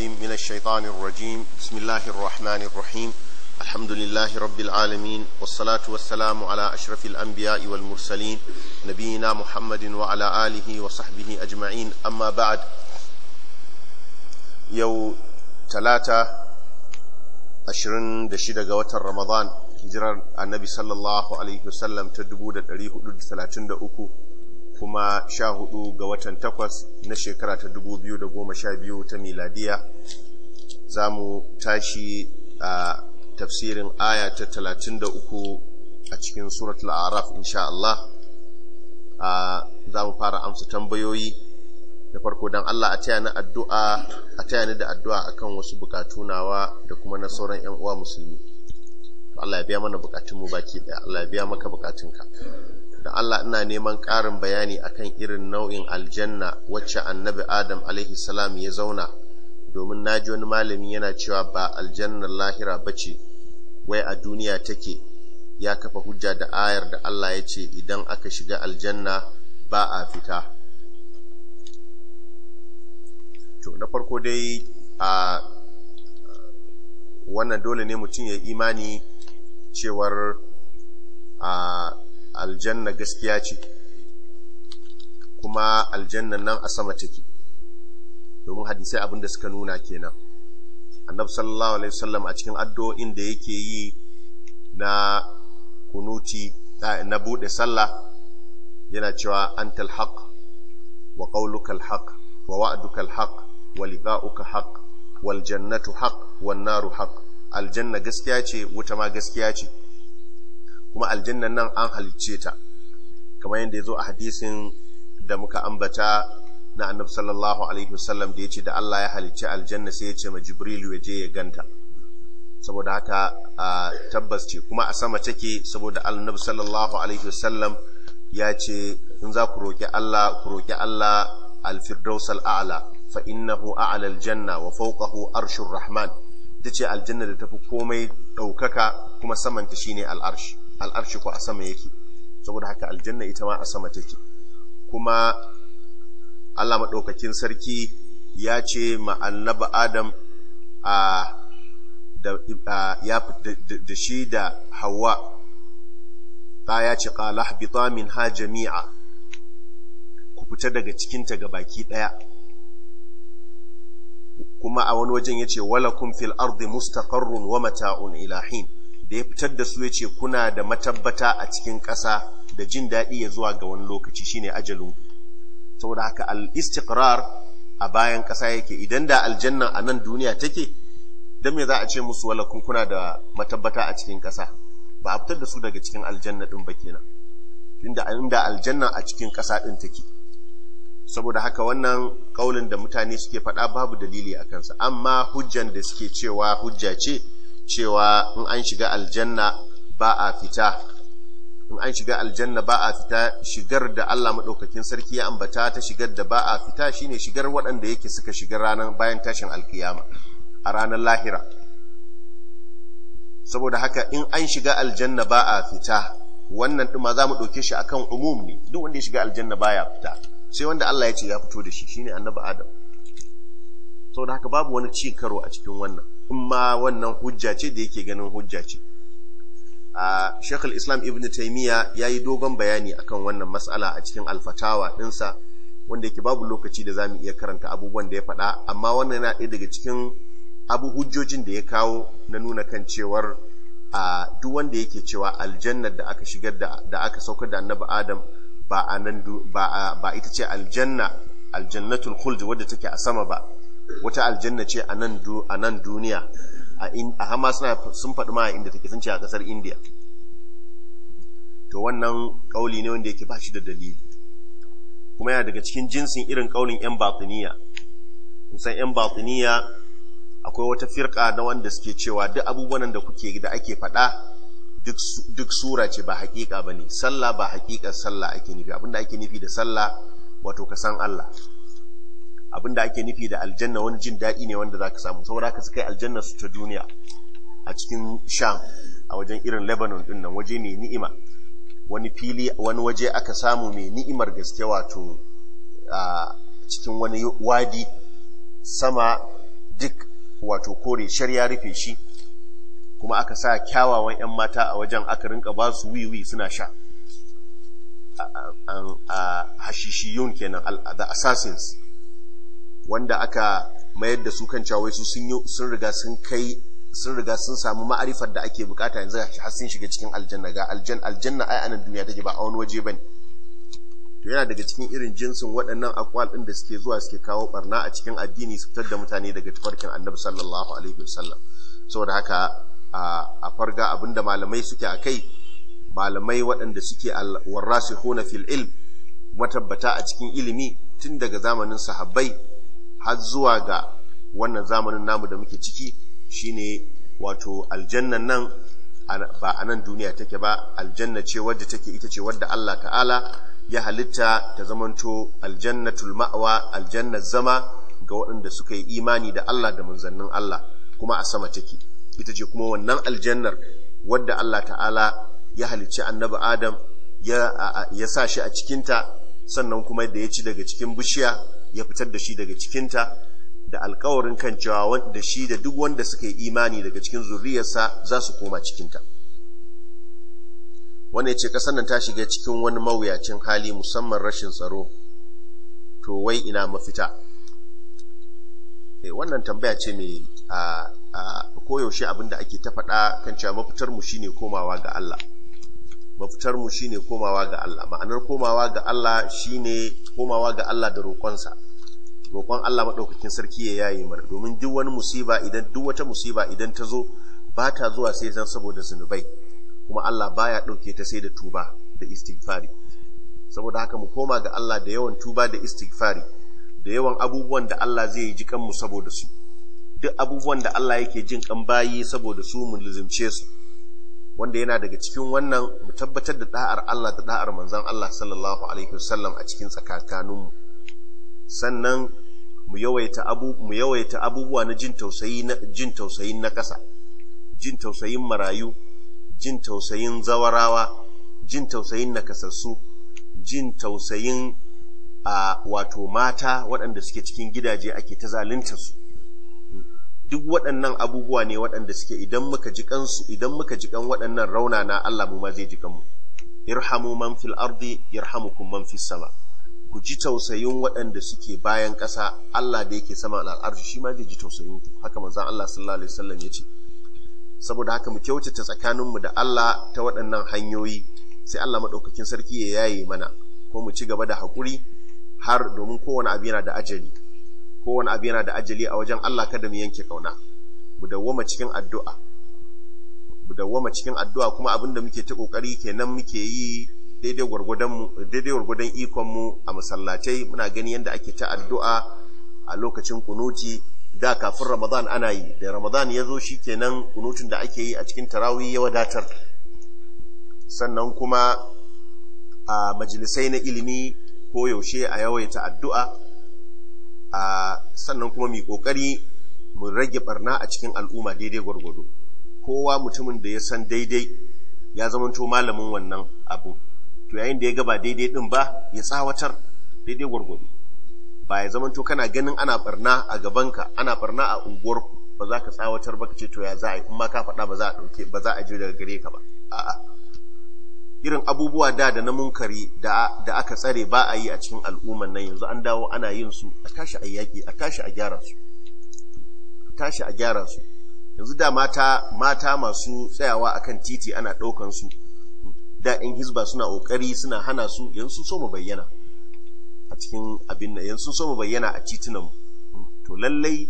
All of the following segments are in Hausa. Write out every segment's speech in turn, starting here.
العليم من الشيطان الرجيم بسم الله الرحمن الرحيم الحمد لله رب العالمين والصلاة والسلام على أشرف الأنبياء والمرسلين نبينا محمد وعلى آله وصحبه أجمعين أما بعد يو ثلاثة أشرين دشيدة قوات رمضان hijirar annabi sallallahu alaihi wasallam ta 1433 kuma sha hudu ga watan takwas na shekara ta dubu biyu da goma sha biyu ta miladiya za mu tashi a tafsirin aya ta talatin da uku a cikin suratul araf insha Allah za mu fara amsa tambayoyi da farko don Allah a taya addu'a a tayani da addu'a kan wasu bukatunawa da kuma na sauran yan uwa musulmi Allah ya biya mana bukatunmu baki daya Allah ya biya maka bukatunka da Allah ina neman ƙarin bayani akan irin nau'in aljanna wacce annabi Adam alaihi ya zauna domin na ji wani malami yana cewa ba aljannar lahira ba ce wai a duniya take ya kafa hujja da ayar da Allah ya ce idan aka shiga aljanna ba a fita to na farko dai a wannan dole ne mutum ya imani cewar a aljanna gaskiya ce kuma aljanna nan a sama take domin hadisai abinda suka nuna kenan annabi sallallahu alaihi wasallam a cikin addu'o'in da yake yi na kunuti na bude sallah yana cewa antal haqq wa qawluka al wa wa'duka al haq wa liqa'uka haqq wal jannatu haqq wan naru haqq aljanna gaskiya ce wuta ma gaskiya ce kuma aljannan nan an halicce ta kamar yadda ya zo a hadisin da muka ambata na annab sallallahu alaihi wasallam da ya ce da Allah ya halicce aljanna sai ya ce ma jibril ya je ya ganta saboda haka a tabbas ce kuma a sama take saboda annab sallallahu alaihi wasallam ya ce in za ku roƙi Allah ku roƙi Allah al a'la fa innahu a'la janna wa fawqahu arshur rahman tace aljanna da tafi komai daukaka kuma samanta shine al'arshi al'arshi ko a sama yake saboda haka aljanna ita ma a sama take kuma Allah maɗaukakin sarki ya ce ma'annaba adam a da shi da hawa ta ya ce ƙala habita min ha jami'a ku fita daga cikinta ga baki ɗaya kuma a wani wajen ya ce walakun fil arzi mustaqarrun wa mata'un ilahin da ya fitar da su ya ce kuna da matabbata a cikin ƙasa da jin daɗi ya zuwa ga wani lokaci shine ajalin saboda haka al a bayan ƙasa yake idan da aljanna a nan duniya take dan me za a ce musu wala kun kuna da matabbata a cikin ƙasa ba a fitar da su daga cikin aljanna din ba kenan inda inda aljanna a cikin ƙasa din take saboda haka wannan kaulin da mutane suke faɗa babu dalili a kansa amma hujjan da suke cewa hujja ce cewa in an shiga aljanna ba a fita in an shiga aljanna ba a fita shigar da Allah maɗaukakin sarki ya ambata ta shigar da ba a fita shine shigar waɗanda yake suka shiga ranar bayan tashin alkiyama a ranar lahira saboda haka in an shiga aljanna ba a fita wannan ɗuma ma za mu ɗauke shi akan umum ne duk wanda ya shiga aljanna ba ya fita sai wanda Allah ya ce ya fito da shi shine annabi Adam saboda haka babu wani ci karo a cikin wannan in ma wannan hujja ce da yake ganin hujja ce a shekul islam ibn taimiyya ya yi dogon bayani akan wannan matsala a cikin alfatawa ɗinsa wanda yake babu lokaci da za mu iya karanta abubuwan da ya faɗa amma wannan yana ɗaya daga cikin abu hujjojin da ya kawo na nuna kan cewar a duk wanda yake cewa aljannar da aka shigar da aka saukar da annabi adam ba a nan ba ita ce aljanna aljannatul khuld wadda take a sama ba wata aljanna ce a nan duniya a hama sun faɗi ma inda take sun ce a ƙasar indiya to wannan ƙauli ne wanda yake ba shi da dalili kuma yana daga cikin jinsin irin ƙaunin 'yan batiniya kusan 'yan batiniya akwai wata firka na wanda suke cewa duk abubuwan da kuke da ake faɗa duk sura ce ba haƙiƙa ba ne sallah ba haƙiƙar sallah ake nufi abinda ake nufi da sallah wato ka san allah abinda ake nufi da aljanna wani jin daɗi ne wanda zaka samu saboda ka su kai aljanna su ta duniya a cikin sham a wajen irin lebanon ɗin nan waje mai ni'ima wani fili wani waje aka samu mai ni'imar gaske wato a cikin wani wadi sama duk wato kore shari'a rufe shi kuma aka sa kyawawan 'yan mata a wajen aka rinka ba su wiwi suna sha hashishiyun kenan the assassins wanda aka mayar da su kan cawai su sun riga sun kai sun riga sun samu ma'arifar da ake bukata yanzu har sun shiga cikin aljanna ga aljanna aljanna ai anan duniya take ba a wani waje bane to yana daga cikin irin jinsin waɗannan akwal din da suke zuwa suke kawo barna a cikin addini su fitar da mutane daga tafarkin annabi sallallahu alaihi wasallam saboda haka a farga abinda malamai suke a kai malamai waɗanda suke alwarrasihuna fil ilm matabbata a cikin ilimi tun daga zamanin sahabbai har zuwa ga wannan zamanin namu da muke ciki shine wato aljannan nan ba a nan duniya take ba aljanna ce wadda take ita ce wadda Allah ta'ala ya halitta ta zamanto aljannatul ma'wa aljannar zama ga waɗanda suka yi imani da Allah da manzannin Allah kuma a sama take ita ce kuma wannan aljannar wadda Allah ta'ala ya halicci annabi Adam ya sa shi a cikinta sannan kuma da ya ci daga cikin bishiya ya fitar da shi daga cikinta da alkawarin kan cewa da shi da duk wanda suka yi imani daga cikin zuriyarsa za su koma cikinta wanda ya ce ƙasar nan ta shiga cikin wani mawuyacin hali musamman rashin tsaro to wai ina mafita eh, wannan tambaya ce mai a koyaushe abin da ake ta faɗa kan cewa mafitarmu shi ne komawa ga Allah mafitar mu shine komawa ga Allah ma'anar komawa ga Allah shine komawa ga Allah da roƙonsa roƙon Allah madaukakin sarki ya yayi mana domin duk wani musiba idan duk wata musiba idan ta zo ba ta zuwa sai zan saboda zunubai kuma Allah baya ɗauke ta sai da tuba da istighfari saboda haka mu koma ga Allah da yawan tuba da istighfari da yawan abubuwan da Allah zai yi jikan mu saboda su duk abubuwan da Allah yake jin kan bayi saboda su mu lizimce su wanda yana daga cikin wannan mu tabbatar da da'ar Allah da da'ar manzon Allah sallallahu alaihi wasallam a cikin tsakakanunmu sannan mu yawaita abu mu yawaita abubuwa na jin tausayi na jin tausayin na ƙasa jin tausayin marayu jin tausayin zawarawa jin tausayin nakasassu jin tausayin a wato mata waɗanda suke cikin gidaje ake ta zalunta su duk waɗannan abubuwa ne waɗanda suke idan muka ji kansu idan muka ji kan waɗannan raunana Allah mu ma zai ji kanmu irhamu man fil ardi yarhamukum man fis sama ku ji tausayin waɗanda suke bayan ƙasa Allah da yake sama al'arshi shi ma zai ji tausayin ku haka manzon Allah sallallahu alaihi wasallam yace saboda haka mu kyautata mu da Allah ta waɗannan hanyoyi sai Allah maɗaukakin sarki ya yaye mana ko mu ci gaba da hakuri har domin kowane abu yana da ajali kowane abu yana da ajali a wajen Allah kada mu yanke kauna mu dawwama cikin addu'a mu dawwama cikin addu'a kuma abin da muke ta kokari kenan muke yi daidai gurgudan mu daidai gurgudan ikon mu a masallatai muna gani yanda ake ta addu'a a lokacin kunuti da kafin Ramadan ana yi da Ramadan ya zo shi kenan kunutun da ake yi a cikin tarawih ya wadatar sannan kuma a majalisai na ilimi ko yaushe a yawaita addu'a a sannan kuma mai kokari mu rage barna a cikin al'umma daidai gwargwado kowa mutumin da ya san daidai ya zamanto malamin wannan abu to yayin da ya gaba daidai din ba ya tsawatar daidai gwargwado ba ya zamanto kana ganin ana barna a gabanka ana barna a unguwar ba za ka tsawatar ba ka ce to ya za a yi kuma ka faɗa ba za a ɗauke ba za a je daga gare ka ba a'a irin abubuwa da da na munkari da aka tsare ba a yi a cikin al'umman nan yanzu an dawo ana yin su a tashi a yaƙi a tashi a gyara su a tashi a gyara su yanzu da mata mata masu tsayawa akan titi ana ɗaukan su da in hizba suna ƙoƙari suna hana su yanzu so mu bayyana a cikin abin nan yanzu so mu bayyana a titunan to lallai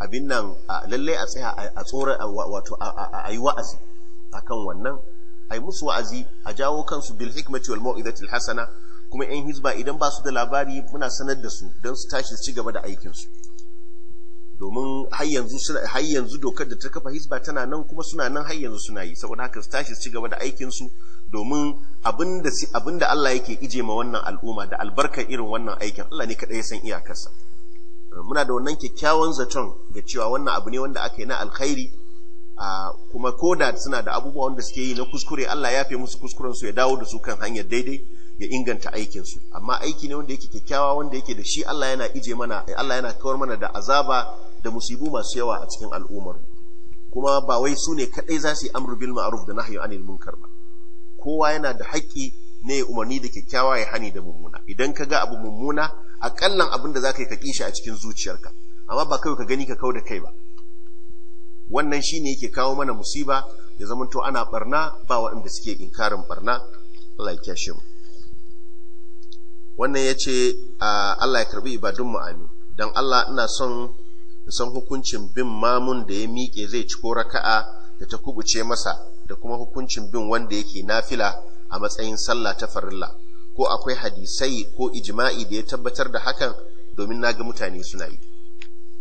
abin nan lallai a tsaya a tsora wato a yi wa'azi akan wannan ai musu wa'azi a jawo kansu bil hikmati wal mau'izatil hasana kuma yan hizba idan ba su da labari muna sanar da su don su tashi su ci gaba da aikin domin har yanzu dokar da ta kafa hizba tana nan kuma suna nan har yanzu suna yi saboda haka su tashi su ci gaba da aikinsu su domin abinda abinda Allah yake ije ma wannan al'umma da albarkar irin wannan aikin Allah ne kadai ya san iyakarsa muna da wannan kyakkyawan zaton ga cewa wannan abu ne wanda aka yi na alkhairi kuma koda suna da abubuwa wanda suke yi na kuskure Allah ya fi musu kuskuren su ya dawo da su kan hanyar daidai ya inganta aikin su amma aiki ne wanda yake kyakkyawa wanda yake da shi Allah yana ije mana Allah yana kawar mana da azaba da musibu masu yawa a cikin al'ummar kuma ba wai su ne kadai za su yi amru bil ma'ruf da nahyu anil munkar ba kowa yana da haƙƙi ne ya umarni da kyakkyawa ya hani da mummuna idan ka ga abu mummuna akallan abin da za yi ka kishi a cikin zuciyarka amma ba kawai ka gani ka kau da kai ba wannan shine yake kawo mana musiba ya zama to ana barna ba waɗanda suke inkarin barna Allah ya kyashe mu wannan yace Allah ya karɓi ibadun mu Don Allah ina son san hukuncin bin mamun da ya miƙe zai ciko raka'a da ta kubuce masa da kuma hukuncin bin wanda yake nafila a matsayin sallah ta farilla ko akwai hadisai ko ijma'i da ya tabbatar da hakan domin na ga mutane suna yi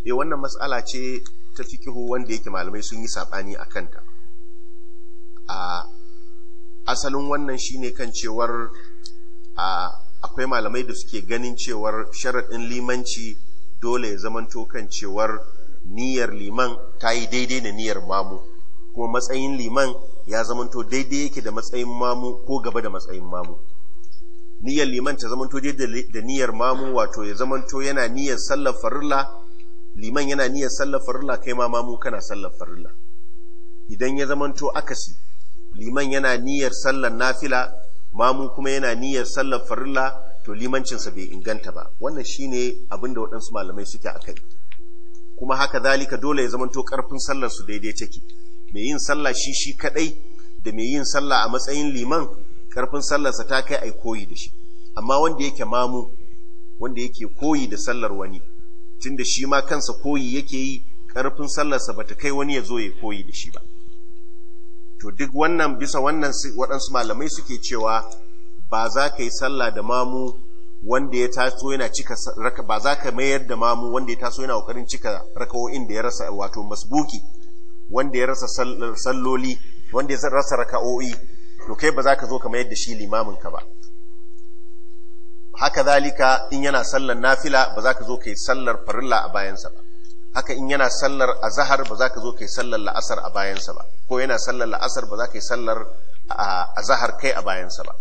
eh wannan matsala ce ta fikihu wanda yake malamai sun yi saɓani a kanta a asalin wannan shine kan cewar akwai malamai da suke ganin cewar sharaɗin limanci dole ya zamanto kan cewar niyyar liman ta yi daidai da niyyar mamu kuma matsayin liman ya zamanto daidai yake da matsayin mamu ko gaba da matsayin mamu niyyar liman ta zamanto daidai da niyyar mamu wato ya zamanto yana niyyar sallar farilla liman yana niyyar sallar farilla kai ma mamu kana sallar farilla idan ya zamanto akasi liman yana niyyar sallar nafila mamu kuma yana niyyar sallar farilla to limancinsa bai inganta ba wannan shine abin da waɗansu malamai suke a kai kuma haka zalika dole ya zamanto ƙarfin sallar su daidai take mai yin sallah shi shi kaɗai da mai yin sallah a matsayin liman ƙarfin sallarsa ta kai ai koyi da shi amma wanda yake mamu wanda yake koyi da sallar wani tunda shi ma kansa koyi yake yi ƙarfin sallarsa ba ta kai wani ya zo ya koyi da shi ba to duk wannan bisa wannan waɗansu malamai suke cewa ba za ka yi sallah da mamu wanda ya taso yana cika ba za ka mayar da mamu wanda ya taso yana ƙoƙarin cika raka'o'in da ya rasa wato masbuki wanda ya rasa salloli wanda ya rasa raka'o'i to kai ba za ka zo ka mayar da shi limamin ka ba haka zalika in yana sallar nafila ba za ka zo kai sallar farilla a bayansa ba haka in yana sallar azahar ba za ka zo kai sallar la'asar a bayansa ba ko yana sallar la'asar ba za ka yi sallar azahar kai a bayansa ba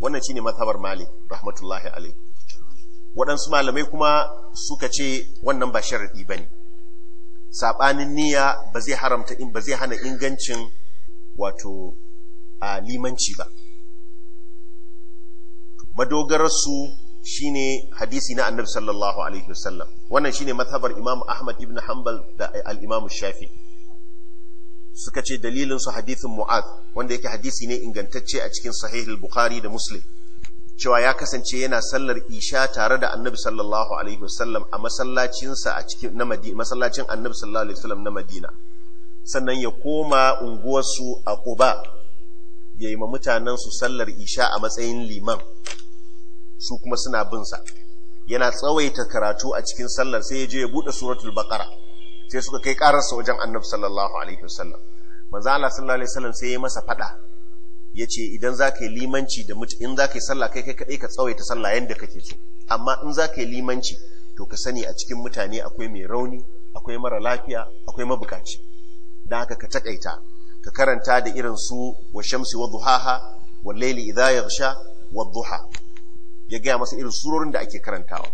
wannan shine mazhabar malik rahmatullahi alai waɗansu malamai kuma suka ce wannan ba sharadi bane sabanin niyya ba zai haramta in ba zai hana ingancin wato alimanci limanci ba madogararsu shine hadisi na annabi sallallahu alaihi wasallam wannan shine mazhabar imam ahmad ibn hanbal da al'imamu shafi suka ce dalilin su hadithin mu'ad wanda yake hadisi ne ingantacce a cikin sahih al-bukhari da muslim cewa ya kasance yana sallar isha tare da annabi sallallahu alaihi wasallam a masallacinsa a cikin madina masallacin annabi sallallahu alaihi wasallam na madina sannan ya koma unguwarsu a quba yayi ma mutanen su sallar isha a matsayin liman su kuma suna bin sa yana tsawaita karatu a cikin sallar sai ya je ya bude suratul baqara sai suka kai kararsa wajen annabi sallallahu alaihi wasallam manzo Allah sallallahu alaihi wasallam sai ya masa fada yace idan zaka yi limanci da mutum in zaka yi sallah kai kai kadai ka tsawaita sallah yanda kake so amma in zaka yi limanci to ka sani a cikin mutane akwai mai rauni akwai mara lafiya akwai mabukaci dan haka ka takaita ka karanta da irin su wa shamsi wa duhaha wal layli idha yaghsha wa duha ya gaya masa irin surorin da ake karantawa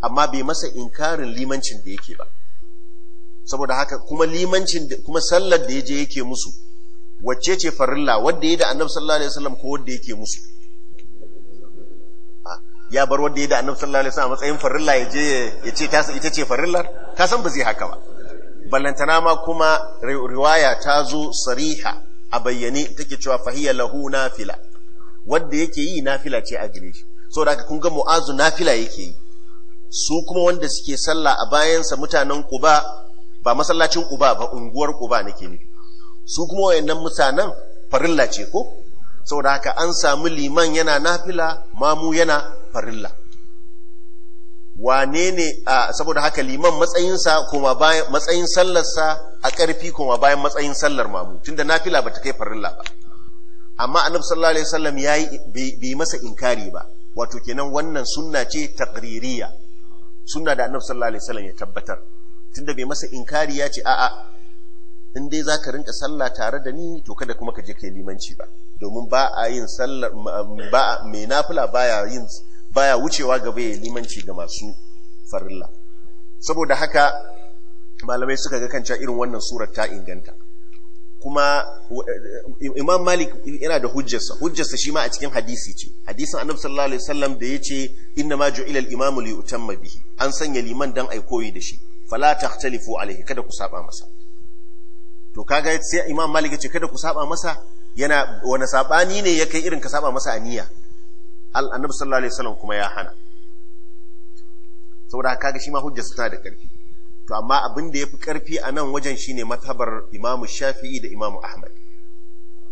amma bai masa inkarin limancin da yake ba saboda haka kuma limancin kuma sallar da ya je yake musu wacce ce farilla wanda ya da annabi sallallahu alaihi wasallam ko wanda yake musu ah, ya bar wanda ya da annabi sallallahu alaihi wasallam matsayin farilla je ya ce ta ita ce farillar ka san ba zai haka ba ballantana ma kuma riwaya ta zo sariha a bayyane take cewa fahiya lahu nafila wanda yake yi nafila ce a gare shi so da kun ga mu'azu nafila yake yi su kuma wanda suke sallah a bayansa mutanen kuba ba masallacin kuba ba unguwar kuba nake nufi su kuma wayannan mutanen farilla ce ko saboda haka an samu liman yana nafila mamu yana farilla wane ne saboda haka liman matsayinsa kuma bayan matsayin sallarsa a ƙarfi kuma bayan matsayin sallar mamu tunda nafila bata kai farilla ba amma annabi sallallahu alaihi wasallam yayi bai masa inkari ba wato kenan wannan sunna ce taqririya sunna da annabi sallallahu alaihi wasallam ya tabbatar tunda bai masa inkari ya ce a'a in dai zaka rinka sallah tare da ni to kada kuma ka je kai limanci ba domin ba a yin sallah ba mai nafila baya yin baya wucewa gaba ya limanci ga masu farilla saboda haka malamai suka ga kanta irin wannan surar ta inganta kuma eh, imam malik yana da hujjarsa hujjarsa shi ma a cikin hadisi ce hadisin annabi sallallahu alaihi wasallam da yace inna ma ju'ila al imamu li utamma bihi an sanya liman dan ai koyi da shi fala tahtalifu alaihi kada ku saba masa to kaga sai imam malik yace kada ku saba masa yana wani sabani ne ya kai irin ka saba masa aniya al annabi sallallahu alaihi wasallam kuma ya hana saboda kaga shi ma hujjarsa ta da karfi to amma abin da ya fi ƙarfi a nan wajen shi ne matabar imamu shafi'i da imamu ahmad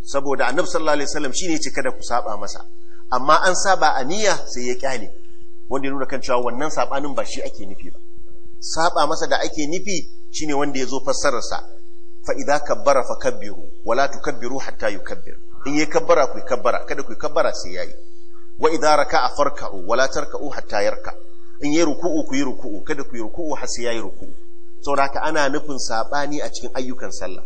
saboda annab sallallahu alaihi wasallam shi ne ce kada ku saba masa amma an saba a niyya sai ya kyale wanda ya nuna kan cewa wannan sabanin ba shi ake nufi ba saba masa da ake nufi shine wanda ya zo fassararsa fa idza kabbara fa kabbiru wala tukabbiru hatta yukabbir in ya kabbara ku kabbara kada ku kabbara sai yayi wa idza raka'a farka'u wala tarka'u hatta yarka' in yi ruku'u ku yi ruku'u kada ku yi ruku'u har sai yayi ruku'u saboda haka ana nufin sabani a cikin ayyukan sallah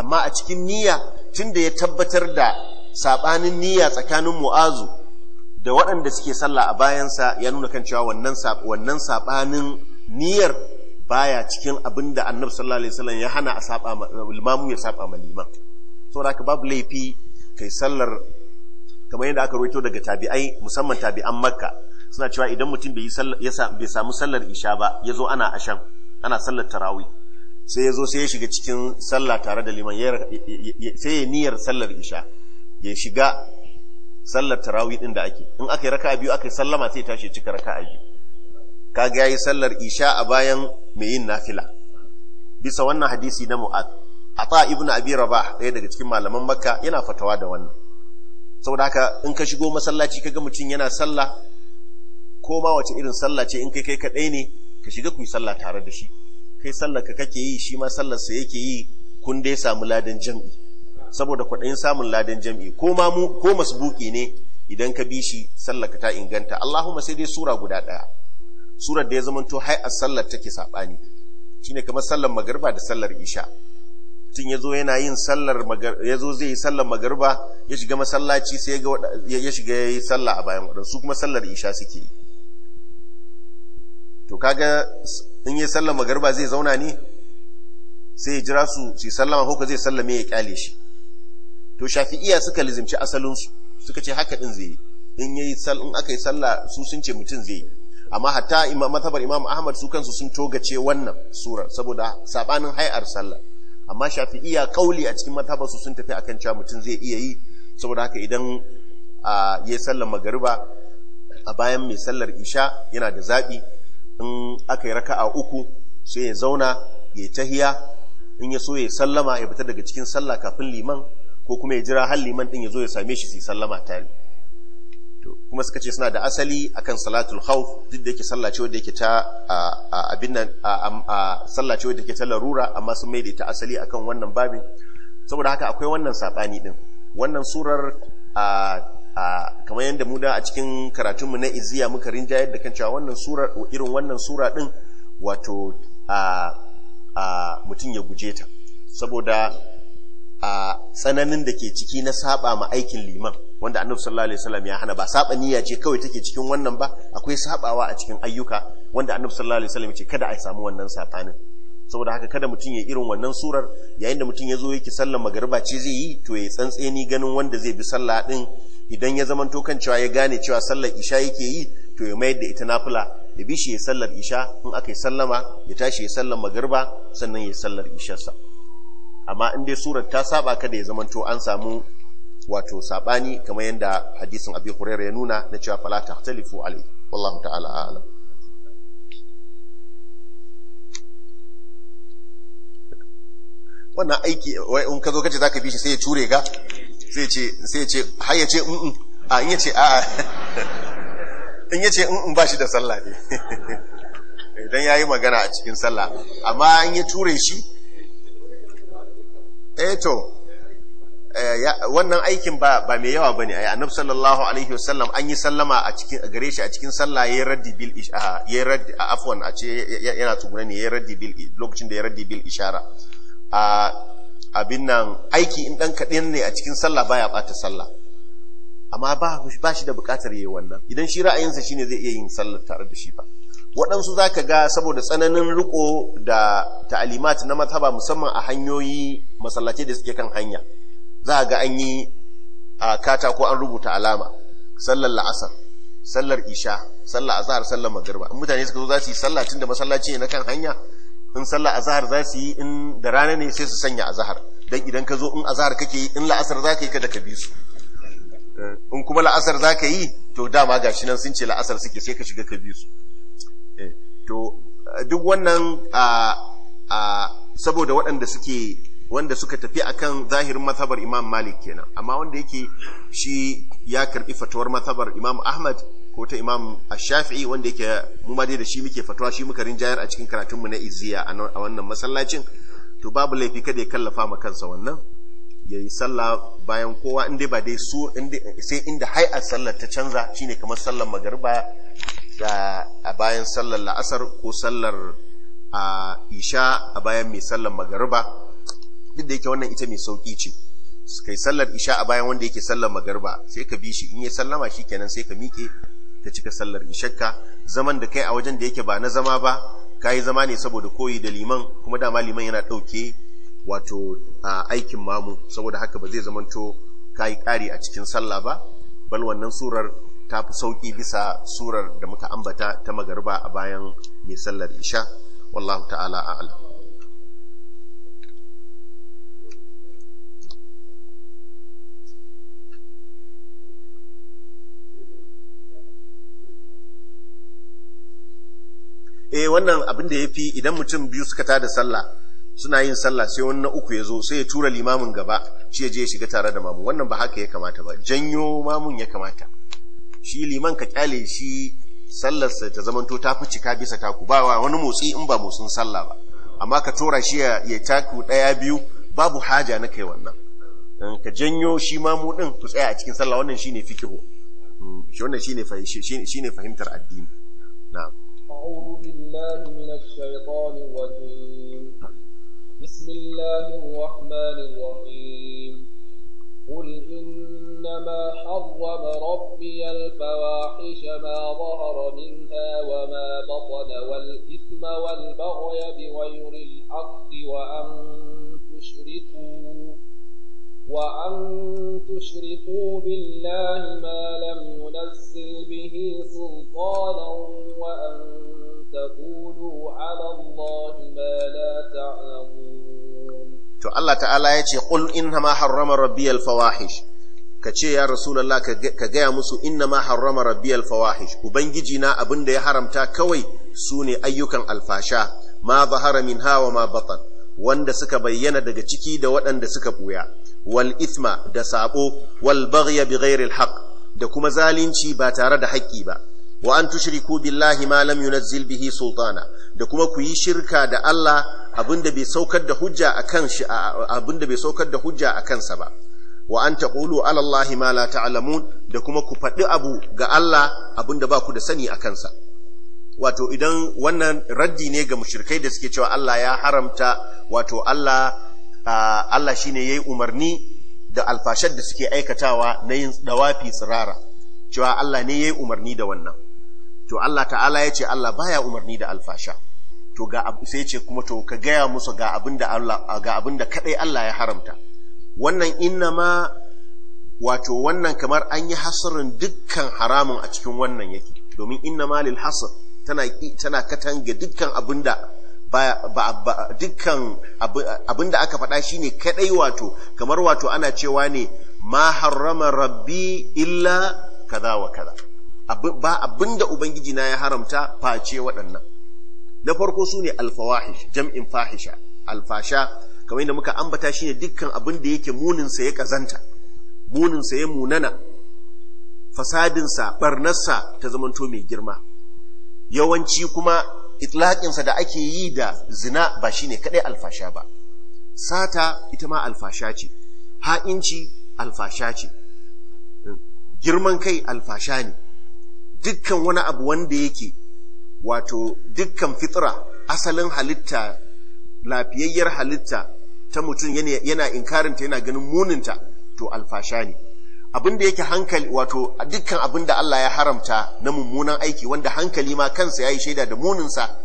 amma a cikin niyya tunda ya tabbatar da sabanin niyya tsakanin mu'azu da waɗanda suke sallah a bayansa ya nuna kan cewa wannan wannan sabanin niyyar baya cikin abin da annabi sallallahu alaihi wasallam ya hana a saba limamu ya saba ma liman saboda haka babu laifi kai sallar kamar yadda aka rawaito daga tabi'ai musamman tabi'an makka suna cewa idan mutum bai samu sallar isha ba ya zo ana ashan ana sallar tarawi sai ya zo sai ya shiga cikin sallah tare da liman sai ya niyyar sallar isha ya shiga sallar tarawi din da ake in aka yi raka'a biyu aka yi sallama sai tashi ya cika raka'a biyu kaga yayi sallar isha a bayan mai yin nafila bisa wannan hadisi na mu'ad ata ibn abi rabah ɗaya daga cikin malaman makka yana fatawa da wannan saboda haka in ka shigo masallaci kaga mutum yana sallah ko ma wace irin sallah ce in kai kai kaɗai ne ka shiga ku yi sallah tare da shi kai sallar ka kake yi shi ma sallar sa yake yi kun dai samu ladan jam'i saboda kwaɗayin samun ladan jam'i ko ma mu ko masbuki ne idan ka bi shi sallar ka ta inganta Allahumma sai dai sura guda ɗaya surar da ya zamanto hai a sallar take sabani shine kamar sallar magarba da sallar isha tun ya zo yana yin sallar ya zo zai yi sallar magarba ya shiga masallaci sai ya shiga ya yi sallah a bayan waɗansu kuma sallar isha suke yi to kaga in yi sallama garba zai zauna ne sai ya jira su su sallama ko zai sallame ya kyale shi to shafi'iya suka lizimci asalinsu suka ce haka din zai yi in yi in aka yi sallah su sun ce mutum zai yi amma hatta imam matabar imam ahmad su kansu sun togace wannan surar saboda sabanin hayar sallah amma shafi'iya kauli a cikin matabar su sun tafi akan cewa mutum zai iya yi saboda haka idan ya sallar magariba a bayan mai sallar isha yana da zaɓi in aka yi raka'a uku sai ya zauna ya tahiya in ya so ya sallama ya fita daga cikin sallah kafin liman ko kuma ya jira har liman din ya zo ya same shi su sallama tare kuma suka ce suna da asali akan salatul khawf duk da yake sallah ce wanda yake ta abin nan sallah ce wanda yake ta larura amma sun mai da ita asali akan wannan babin saboda haka akwai wannan sabani din wannan surar a kamar yadda mu da a cikin karatunmu na iziya muka rinjayar da kan cewa wannan sura irin wannan sura din wato a mutum ya guje ta saboda a tsananin da ke ciki na saba ma aikin liman wanda annabi sallallahu alaihi wasallam ya hana ba saba niyya ce kawai take cikin wannan ba akwai sabawa a cikin ayyuka wanda annabi sallallahu alaihi wasallam ya ce kada a samu wannan satanin saboda haka kada mutum ya irin wannan surar yayin da mutum ya zo yake sallar magariba ce zai yi to ya tsantseni ganin wanda zai bi sallah din idan ya zamanto kan cewa ya gane cewa sallar isha yake yi to ya mayar da ita nafila ya bi shi ya sallar isha in aka yi sallama ya tashi ya sallar magarba sannan ya sallar isharsa amma in dai surar ta saba kada ya zamanto an samu wato sabani kamar yadda hadisin abi hurairah ya nuna na cewa fala tahtalifu alai ta'ala wannan aiki wai in ka zo kace zaka bi shi sai ya ture ga. sai ce sai ce har ya ce in mm, mm. a in ya ce a in ya ce in mm, ba shi da sallah ne idan ya yi magana a cikin sallah amma in ya ture shi eh to eh, wannan aikin ba ba mai yawa bane ai annabi sallallahu alaihi wasallam an yi sallama a cikin gare shi a cikin sallah yi raddi bil isha yi raddi afwan a ce yana tsuguna ne yi raddi bil lokacin da ya raddi bil ishara abin nan aiki in ɗan kaɗin ne a cikin sallah baya ɓata sallah amma ba shi da buƙatar yi wannan idan shi ra'ayinsa shine zai iya yin sallar tare da shi ba waɗansu za ka ga saboda tsananin riko da ta'alimat na mazhaba musamman a hanyoyi masallatai da suke kan hanya za ga an yi a katako an rubuta alama sallar la'asar sallar isha sallar azhar sallar magriba mutane suka zo za su yi sallah tunda masallaci ne na kan hanya in sallar azahar za su yi in da rana ne sai su sanya azahar don idan ka zo in azahar kake yi in la'asar za ka yi kada ka bi su eh, in kuma la'asar za ka yi to dama ga shi nan sun ce la'asar suke sai ka shiga ka bi su eh, to duk wannan saboda waɗanda suke wanda suka tafi akan zahirin mazhabar imam malik kenan amma wanda yake shi ya karbi fatuwar mazhabar Imam Ahmad ko ta Imam Ash-Shafi'i wanda yake mu ma dai da shi muke fatawa shi muka rinjayar a cikin karatunmu na Izziya a wannan masallacin to babu laifi kada ya kallafa ma kansa wannan yayi sallah bayan kowa inda ba dai su sai inda hay'ar sallar ta canza shine kamar sallar magariba a bayan sallar la'asar ko sallar a isha a bayan mai sallar magariba duk da yake wannan ita mai sauki ce kai sallar isha a bayan wanda yake sallar magarba sai ka bi shi in ya sallama shi kenan sai ka miƙe ka cika sallar ishakka zaman da kai a wajen da yake ba na zama ba ka yi zama ne saboda koyi da liman kuma dama liman yana ɗauke wato aikin mamu saboda haka ba zai zamanto ka yi ƙari a cikin sallah ba bal wannan surar ta fi sauƙi bisa surar da muka ambata ta magarba a bayan mai sallar isha wallahu ta'ala a'lam eh wannan abin da ya fi idan mutum biyu suka tada sallah suna yin sallah sai wani na uku ya zo sai ya tura limamin gaba shi ya je ya shiga tare da mamun wannan ba haka ya kamata ba janyo mamun ya kamata shi liman ka kyale shi sallarsa ta zamanto ta fi cika bisa taku ba wani motsi in ba motsin sallah ba amma ka tura shi ya taku daya biyu babu haja na kai wannan ka janyo shi mamu din ku tsaya a cikin sallah wannan shine fikihu hmm, shi wannan shine fahimtar addini na'am أعوذ بالله من الشيطان الرجيم بسم الله الرحمن الرحيم قل إنما حرم ربي الفواحش ما ظهر منها وما بطن والإثم والبغي بغير الحق وأن تشركوا وأن تشركوا بالله ما لم ينزل به سلطانا وأن تقولوا على الله ما لا تعلمون to Allah ta'ala ya ce qul innama harrama rabbiyal ka kace ya rasulullah ka gaya musu innama harrama rabbiyal fawahish ubangiji na abin da ya haramta kawai sune ayyukan alfasha ma zahara minha ma batan wanda suka bayyana daga ciki da waɗanda suka buya wal ithma da saɓo wal baghya bighairi al da kuma zalunci ba tare da haƙƙi ba wa an ku billahi ma lam bihi sultana da kuma ku yi shirka da Allah abinda bai saukar da hujja akan bai saukar da hujja ba wa an taqulu ala mala ta'alamun da kuma ku faɗi abu ga Allah abinda ba ku da sani a kansa. wato idan wannan raddi ne ga mushirkai da suke cewa Allah ya haramta wato Allah Allah shi ne ya yi umarni da alfashar da suke aikatawa na yin dawafi tsirara cewa Allah ne ya yi umarni da wannan to Allah ta'ala ya ce Allah baya umarni da alfasha to ga sai ce kuma to ka gaya musu ga abinda Allah ga da kadai Allah ya haramta wannan innama wato wannan kamar an yi hasarin dukkan haramun a cikin wannan yake domin innama lil hasr tana tana katanga dukkan abinda dukkan abin da aka faɗa shine kadai wato kamar wato ana cewa ne ma harrama rabbi illa kaza wa kaza ba abin da ubangiji na ya haramta face waɗannan na farko su ne alfawahish jam'in fahisha alfasha kamar yadda muka ambata shine dukkan abin da yake muninsa ya kazanta muninsa ya munana fasadinsa barnarsa ta zamanto mai girma yawanci kuma itlaƙinsa da ake yi da zina ba shi ne kaɗai alfasha ba sata ita ma alfasha ce ha'inci alfasha ce hmm, girman kai alfasha ne dukkan wani abu wanda yake wato dukkan fitra asalin halitta lafiyayyar halitta ta mutum yana inkarinta yana ganin muninta to alfasha ne abin da yake hankali wato dukkan abin da Allah ya haramta na mummunan aiki wanda hankali ma kansa ya yi shaida da muninsa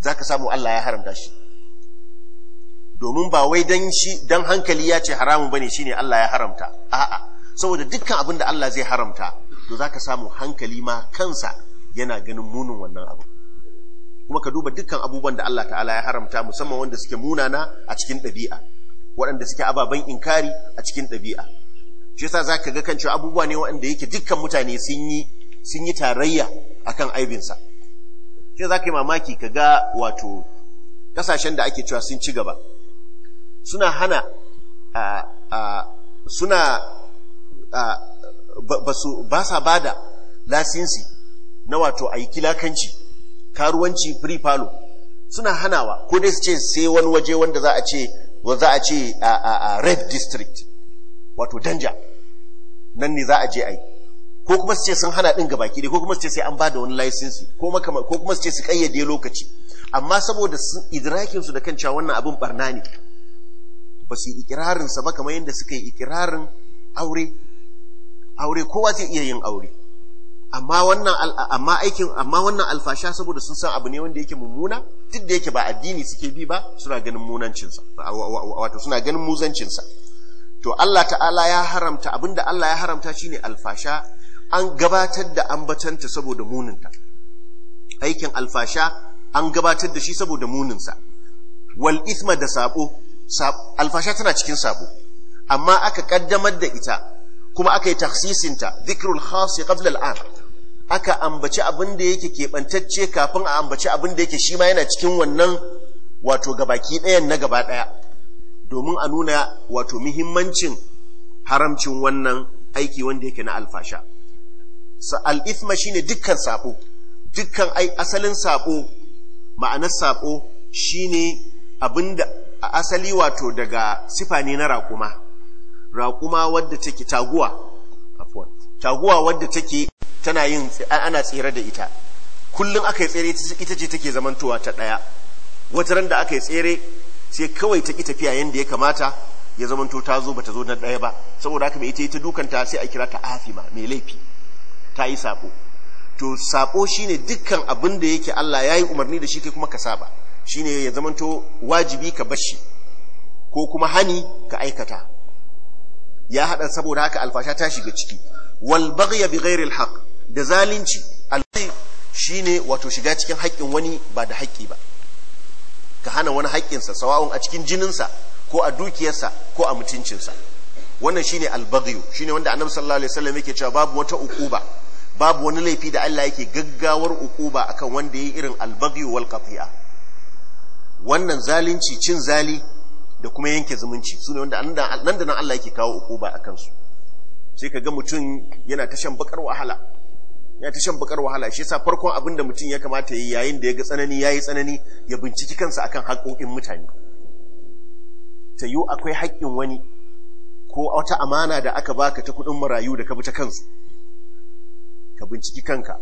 za ka samu Allah ya haramta shi domin ba wai dan shi dan hankali ya ce haramun bane shine Allah ya haramta a'a saboda dukkan abin da Allah zai haramta to za ka samu hankali ma kansa yana ganin munin wannan abu kuma ka duba dukkan abubuwan da Allah ta'ala ya haramta musamman wanda suke munana a cikin ɗabi'a waɗanda suke ababen inkari a cikin ɗabi'a shi yasa zaka ga kan cewa abubuwa ne waɗanda yake dukkan mutane sun yi sun yi tarayya akan aibinsa shi zaka yi mamaki ka ga wato kasashen da ake cewa sun ci gaba suna hana suna ba su ba sa lasinsi na wato a yi kilakanci karuwanci free palo suna hanawa ko dai su ce sai wani waje wanda za a ce za a ce a red district wato danja nan ne za a je ai ko kuma su ce sun hana din gabaki dai ko kuma su ce sai an ba da wani license ko ko kuma su ce su kayyade lokaci amma saboda idrakin su da kan cewa wannan abin barna ne ba su yi ikirarin sa ba kamar yadda suka yi ikirarin aure aure kowa zai iya yin aure amma wannan amma aikin amma wannan alfasha saboda sun san abu ne wanda yake mummuna duk da yake ba addini suke bi ba suna ganin munancin sa wato suna ganin muzancin sa to Allah ta'ala ya haramta abinda Allah ya haramta shine alfasha an gabatar da ambatanta saboda muninta aikin alfasha an gabatar da shi saboda muninsa wal isma da sabo alfasha tana cikin sabo amma aka kaddamar da ita kuma aka yi taksisinta zikrul khasi qabla an aka ambaci abin da yake keɓantacce kafin a ambaci abinda yake shi ma yana cikin wannan wato gabaki ɗayan na gaba ɗaya domin a nuna wato muhimmancin haramcin wannan aiki wanda yake na alfasha shi shine dukkan sabo dukkan asalin sabo ma'anar sabo shine abinda a asali wato daga sifa ne na raƙuma raƙuma wadda take taguwa taguwa wadda take tana yin ana tsere da ita kullum aka yi tsere ita ce take zamantowa ta ɗaya wata ran da aka yi tsere sai kawai ta ki tafiya yadda ya kamata ya zamanto ta zo ba ta zo na ɗaya ba saboda haka mai ita ta dukanta sai a kira ta afima mai laifi ta yi sabo to sabo shine dukkan abin da yake Allah ya yi umarni da shi kai kuma ka saba shine ya zamanto wajibi ka bashi ko kuma hani ka aikata ya haɗa saboda haka alfasha ta shiga ciki wal baghya bi da zalunci alai shine wato shiga cikin haƙƙin wani ba da haƙƙi ba ka hana wani haƙƙinsa sawa'un a cikin jininsa ko a dukiyarsa ko a mutuncinsa wannan shine albaghiyu shine wanda annabi sallallahu alaihi wasallam yake cewa babu wata uquba babu wani laifi da Allah yake gaggawar uquba akan wanda ya yi irin albaghiyu wal qati'a wannan zalunci cin zali da kuma yanke zumunci sune wanda nan da nan Allah yake kawo uquba akan su sai ka ga mutum yana ta shan bakar wahala ya ta shan bakar wahala shi yasa farkon abin da mutum ya kamata yi yayin da ya ga tsanani yi tsanani ya binciki kansa akan haƙoƙin mutane ta yiwu akwai haƙƙin wani ko wata amana da aka baka ta kuɗin marayu da ka bi ta kansu ka binciki kanka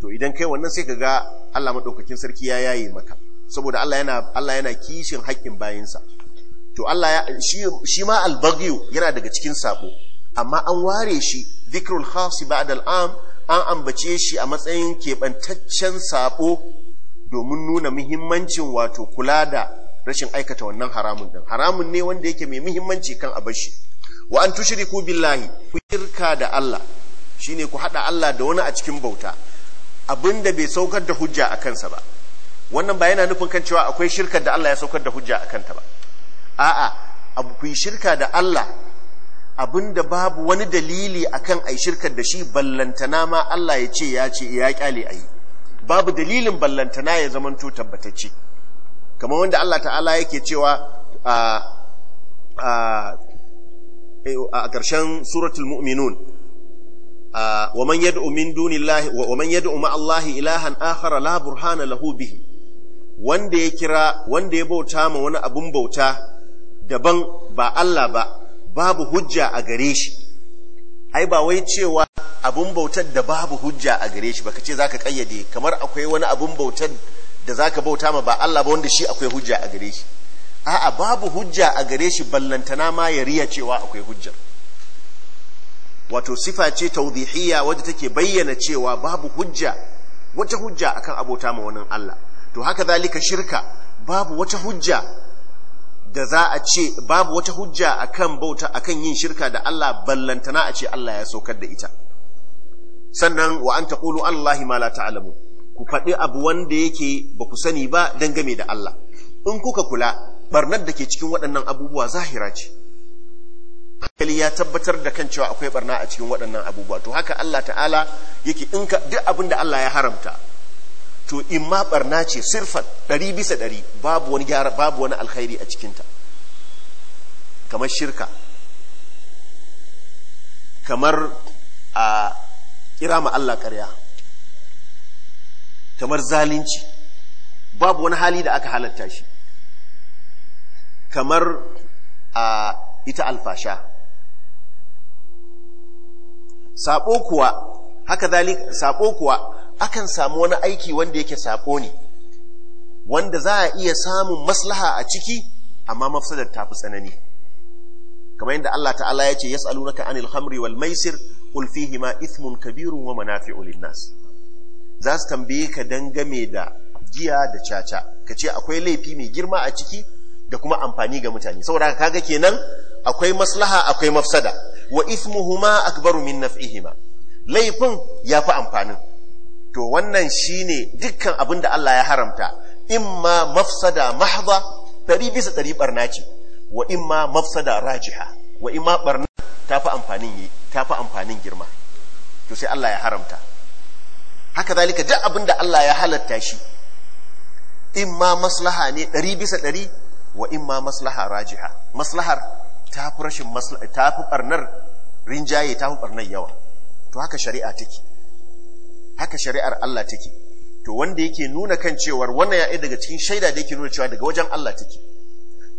to idan kai wannan sai ka ga Allah madaukakin sarki ya yaye maka saboda Allah yana Allah yana kishin haƙƙin bayinsa to Allah ya shi shi ma al yana daga cikin sabo amma an ware shi dhikrul khas ba'da al-am an ambace shi a matsayin keɓantaccen saɓo domin nuna muhimmancin wato kula da rashin aikata wannan haramun din haramun ne wanda yake mai muhimmanci kan a bashi wa an tushriku billahi ku shirka da Allah shine ku haɗa Allah da wani a cikin bauta abinda bai saukar da hujja a kansa ba wannan ba yana nufin kan cewa akwai shirkar da Allah ya saukar da hujja a kanta ba a'a abu ku shirka da Allah abinda babu wani dalili akan ai shirkar da shi ballantana ma Allah ya ce ya ce ya kyale ai babu dalilin ballantana ya zamanto tabbatacce kamar wanda Allah ta'ala yake cewa a a ƙarshen suratul mu'minun ومن يدعو من دون الله ومن يدعو مع الله إلها wanda ya kira wanda ya bauta ma wani abun bauta daban ba Allah ba babu hujja a gare shi ai ba wai cewa abun bautar da babu hujja a gare shi ba ka ce za ka kayyade kamar akwai wani abun bautar da za ka bauta ma ba Allah ba wanda shi akwai hujja a gare shi a'a babu hujja a gare shi ballantana ma ya riya cewa akwai hujjar wato sifa ce tawdihiyya wadda take bayyana cewa babu hujja wata hujja akan abota ma wannan Allah to haka zalika shirka babu wata hujja da za a ce babu wata hujja akan bauta akan yin shirka da Allah ballantana a ce Allah ya saukar da ita sannan wa an taqulu Allahi ma la ta'lamu ku faɗi abu wanda yake ba ku sani ba game da Allah in kuka kula barnar da ke cikin waɗannan abubuwa zahira ce hankali ya tabbatar da kan cewa akwai barna a cikin waɗannan abubuwa to haka Allah ta'ala yake in ka duk abin da Allah ya haramta to in ma barna ce sirfan ɗari bisa ɗari babu wani gyara babu wani alkhairi a cikinta kamar shirka kamar a kira ma Allah ƙarya kamar zalunci babu wani hali da aka halatta shi kamar a ita alfasha sabo kuwa haka zalika sabo kuwa akan samu wani aiki wanda yake sako ne wanda za a iya samun maslaha a ciki amma mafsadar ta fi tsanani kamar yadda Allah ta'ala ya ce ya na anil hamri wal maisir qul ma ithmun kabirun wa manafi'u linnas za su tambaye ka dangame da giya da caca ka ce akwai laifi mai girma a ciki da kuma amfani ga mutane saboda kaga kenan akwai maslaha akwai mafsada wa ithmuhuma akbaru min naf'ihima laifin ya fi amfanin to wannan shi ne dukkan abin da Allah ya haramta In ma mafsada mahdha ɗari bisa ɗari barna ce wa in ma mafsada rajiha wa imma barna tafi amfanin yi tafi amfanin girma to sai Allah ya haramta haka zalika duk abin da Allah ya halatta shi In ma maslaha ne ɗari bisa ɗari wa in ma maslaha rajiha maslahar tafi rashin tafi barnar rinjaye ta fi barnar yawa to haka shari'a take haka shari'ar Allah take to wanda yake nuna kan cewar wannan ya daga cikin shaida da yake nuna cewa daga wajen Allah take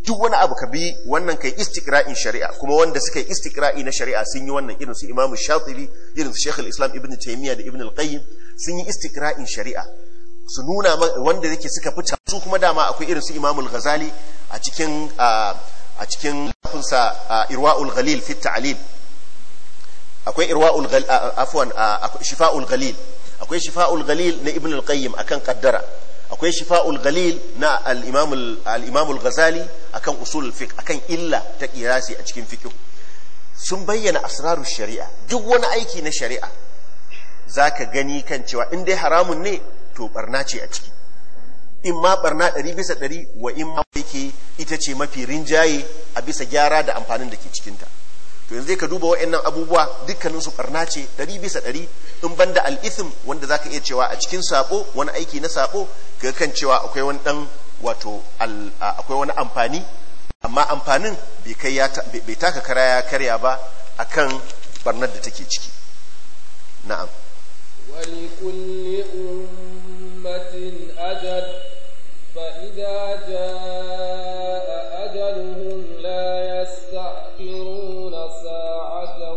duk wani abu ka bi wannan kai istiqra'in shari'a kuma wanda suka yi istiqra'i na shari'a sun yi wannan irin su Imam Shatibi irin su Sheikh islam Ibn Taymiyyah da Ibn al-Qayyim sun yi istiqra'in shari'a su nuna wanda yake suka fita su kuma dama akwai irin su Imam al-Ghazali a cikin a cikin lafinsa Irwa'ul Ghalil fi at-Ta'lil akwai Irwa'ul Ghalil afwan Shifa'ul Ghalil akwai shifa'ul ghalil na ibn al-qayyim akan qaddara akwai shifa'ul ghalil na al-imam al-ghazali akan usul fiqh akan illa ta qirasi a cikin fiqh sun bayyana asrarul shari'a duk wani aiki na shari'a zaka gani kan cewa in dai haramun ne to barna ce a ciki in ma barna ɗari bisa ɗari wa in ma yake ita ce mafi rinjaye a bisa gyara da amfanin da ke cikinta to yanzu ka duba wa'annan abubuwa dukkanin su barna ce ɗari bisa ɗari in ban da al'ithm wanda za ka iya cewa a cikin sabo wani aiki na sabo ka kan cewa akwai wani dan wato akwai wani amfani amma amfanin bai kai ka taka kara ya karya ba a kan barnar da take ciki na'am فإذا جاء أجلهم لا يستأخرون الساعة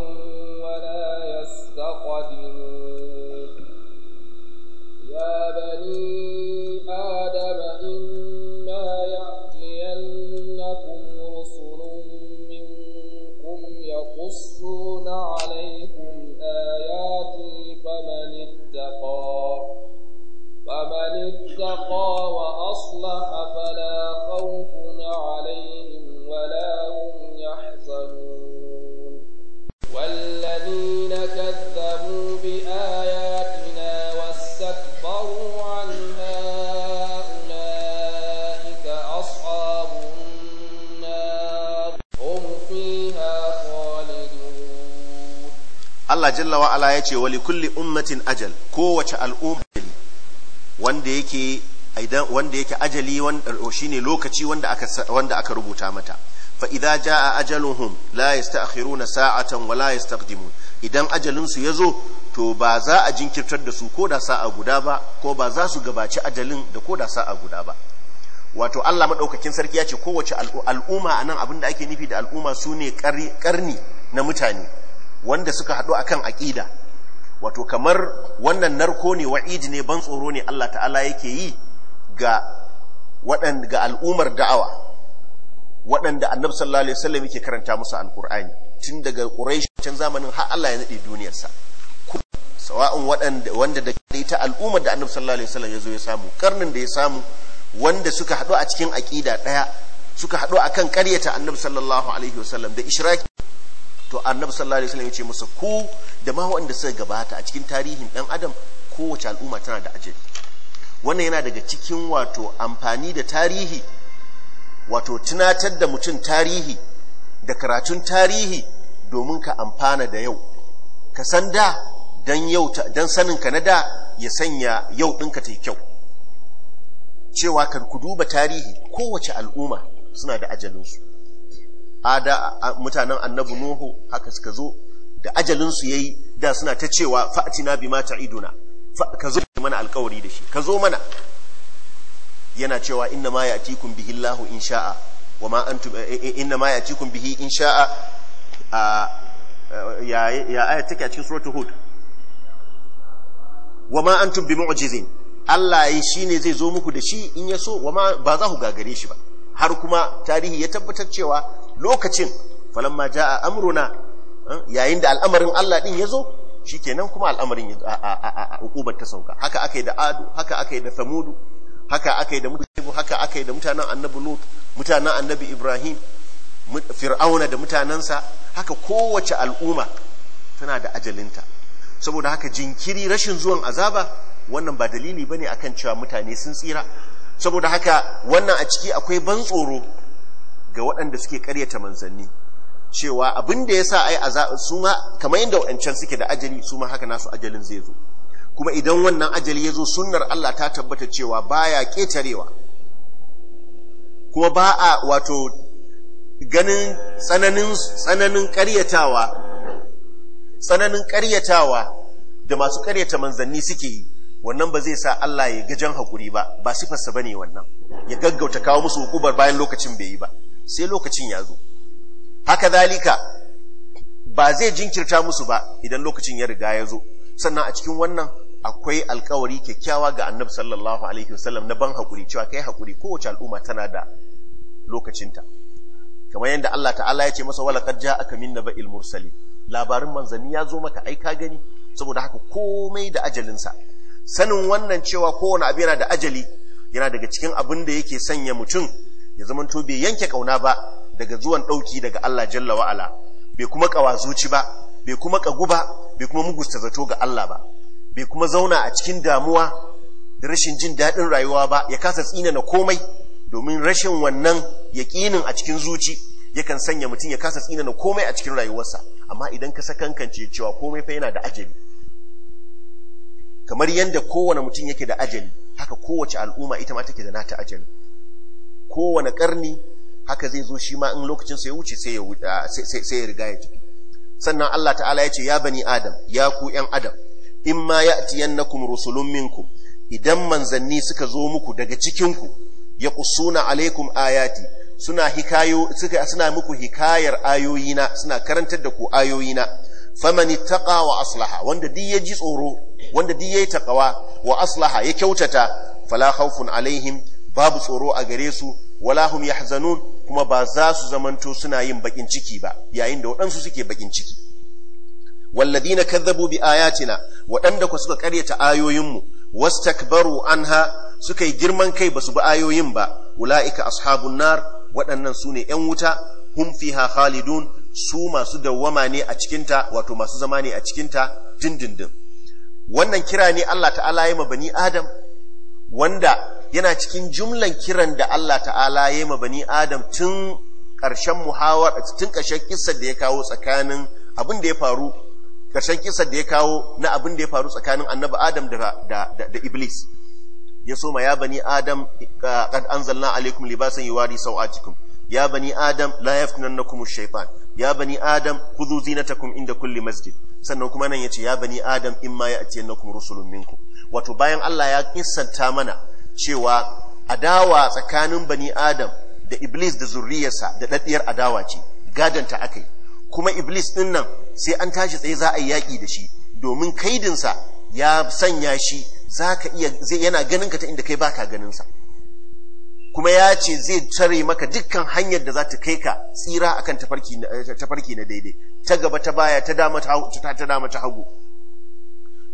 jalla wa ala yace wali kulli ummatin ajal kowace al'umma wanda yake idan wanda yake ajali eh, shine lokaci wanda aka wanda aka rubuta mata fa idza jaa ajaluhum la yasta'khiruna sa'atan wa la yastaqdimun idan ajalin su yazo to ba za a jinkirtar da su koda sa'a guda ba ko ba za su gabaci ajalin da koda sa'a guda ba wato Allah madaukakin sarki ya ce kowace al'umma anan abinda ake nufi da al'umma sune karni na mutane wanda suka haɗu akan aƙida wato kamar wannan narko ne wa'id ne ban tsoro ne Allah ta'ala yake yi ga waɗanda ga al'umar da'awa waɗanda annabi sallallahu alaihi wasallam yake karanta musu alqur'ani tun daga quraish can zamanin har Allah ya nade sa sawa'un waɗanda wanda da ita al'ummar da annabi sallallahu alaihi wasallam ya zo ya samu karnin da ya samu wanda suka haɗu a cikin aƙida ɗaya suka haɗu akan ƙaryata annabi sallallahu alaihi wasallam da ishraki to annabi sallallahu alaihi wasallam ya ce musu ku da ma wanda suka gabata a cikin tarihin dan adam kowace al'umma tana da ajali wannan yana daga cikin wato amfani da tarihi wato tunatar da mutum tarihi da karatun tarihi domin ka amfana da yau ka san da dan yau dan sanin ka na da ya sanya yau ɗinka ta yi kyau cewa kan ku duba tarihi kowace al'umma suna da ajalinsu ada mutanen annabi nuhu haka suka zo da ajalinsu yayi da suna ta cewa fa'tina bima ta'iduna ka zo mana alkawari da shi ka zo mana yana cewa inna ma ya'tikum bihi Allahu in sha'a wa ma an eh, eh, eh, inna ma ya'tikum bihi in sha'a ya ya aya take a cikin suratul hud wa ma antum bi mu'jizin Allah yi shine zai zo muku da shi in ya so wa ma ba za ku gagare shi ba har kuma tarihi ya tabbatar cewa lokacin falamma jaa amruna eh, yayin da al'amarin Allah ɗin ya zo shi nan kuma al'amarin hukubar ta sauka haka yi da adu haka yi da famudu haka yi da mutu haka yi da mutanen annabi lut mutanen annabi ibrahim fir'auna da mutanensa haka kowace al'umma tana da ajalinta saboda haka jinkiri rashin zuwan azaba wannan ba dalili bane akan cewa mutane sun tsira saboda haka wannan a ciki akwai ban tsoro ga waɗanda suke ƙaryata manzanni cewa abin da ya sa ai a su ma kamar yadda waɗancan suke da ajali su ma haka nasu ajalin zai zo kuma idan wannan ajali ya zo sunnar Allah ta tabbata cewa baya ƙetarewa kuma ba a wato ganin tsananin tsananin ƙaryatawa tsananin ƙaryatawa da masu ƙaryata manzanni suke yi wannan ba zai sa Allah ya gajan haƙuri ba ba sifarsa bane wannan ya gaggauta kawo musu hukubar bayan lokacin bai yi ba sai lokacin ya zo haka zalika ba zai jinkirta musu ba idan lokacin ya riga ya zo sannan a cikin wannan akwai alkawari kyakkyawa ga annabi sallallahu alaihi wasallam na ban hakuri cewa kai hakuri kowace al'umma tana da lokacinta kamar yadda Allah ta'ala ya ce masa wala qad ja'aka min naba'il mursali labarin manzanni ya zo maka aika gani saboda haka komai da ajalinsa sanin wannan cewa kowane abu yana da ajali yana daga cikin abin da yake sanya mutum ya zamanto bai yanke kauna ba daga zuwan ɗauki daga Allah jalla wa bai kuma kawazuci ba bai kuma kagu ba bai kuma mugusta zato ga Allah ba bai kuma zauna a cikin damuwa da rashin jin daɗin rayuwa ba ya kasa tsina na komai domin rashin wannan yaƙinin a cikin zuci yakan sanya mutum ya kasa tsina na komai a cikin rayuwarsa amma idan ka sakankance cewa komai fa yana da ajali kamar yadda kowane mutum yake da ajali haka kowace al'umma ita ma take da nata ajali kowane karni haka zai zo shi ma in lokacin sai ya wuce ah, sai ya riga ya tafi sannan Allah ta'ala ya ce ya bani adam ya ku yan adam in ma nakum rusulun minku idan manzanni suka zo muku daga cikinku ya kusuna alaikum ayati suna hikayo suka suna muku hikayar ayoyina suna karantar da ku ayoyina faman ittaqa wa aslaha wanda duk ya ji tsoro wanda duk yayi takawa wa aslaha ya kyautata fala khawfun alaihim babu tsoro a gare su walahum yahzanun kuma ba za su zamanto suna yin bakin ciki ba yayin da waɗansu suke bakin ciki walladina kadzabu bi ayatina waɗanda ku suka karyata ayoyinmu wastakbaru anha suka yi girman kai basu bi ayoyin ba ulaika ashabun nar waɗannan sune 'yan wuta hum fiha khalidun su masu dawwama ne a cikinta wato masu zama ne a cikinta dindindin wannan kira ne Allah ta'ala ya ma bani adam wanda yana cikin jumlan kiran da Allah ta'ala ya yi bani adam tun ƙarshen muhawar tun ƙarshen kisar da ya kawo tsakanin abin da ya faru ƙarshen kisar da ya kawo na abin da ya faru tsakanin annabi adam da iblis ya soma ya bani adam qad anzalna alaikum libasan yuwari sau'atikum ya bani adam la yaftinannakum ash-shaytan ya bani adam khudhu zinatakum inda kulli masjid sannan kuma nan yace ya bani adam imma ya'tiyannakum rusulun minkum wato bayan Allah ya kissanta mana cewa adawa tsakanin bani adam da iblis da zurriyarsa da ɗaɗɗiyar adawa ce gadanta aka yi kuma iblis ɗin nan sai an tashi tsaye za a yi yaƙi da shi domin kaidinsa ya sanya shi za iya zai yana ganin ka ta inda kai baka ganinsa kuma ya ce zai tare maka dukkan hanyar da za ta kai ka tsira akan tafarki na daidai ta gaba ta baya ta dama ta hagu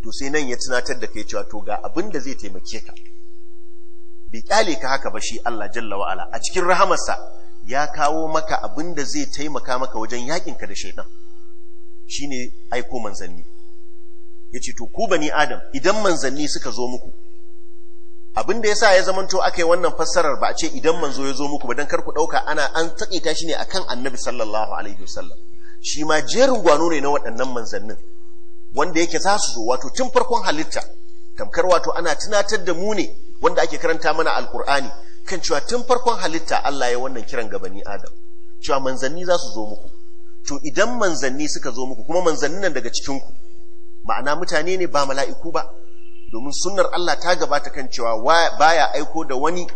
to sai nan ya tunatar da kai cewa to ga abin da zai taimake ka bai kyale ka haka ba shi Allah jalla wa'ala a cikin rahamarsa ya kawo maka abin da zai taimaka maka wajen yakin ka da Shi ne aiko manzanni ce to ku bani adam idan manzanni suka zo muku abin da ya sa ya zamanto aka yi wannan fassarar ba a ce idan manzo ya zo muku ba don kar ku ɗauka. ana an takaita shi ne a kan annabi sallallahu alaihi wasallam shi ma jerin gwano ne na waɗannan manzannin wanda yake za su zo wato tun farkon halitta tamkar wato ana tunatar da mu ne wanda ake karanta mana alkur'ani kan cewa tun farkon halitta Allah ya wannan kiran ga bani adam cewa manzanni za su zo muku to idan manzanni suka zo muku kuma manzannin nan daga cikin ku ma'ana mutane ne ba mala'iku ba domin sunnar Allah ta gabata kan cewa baya aiko da wani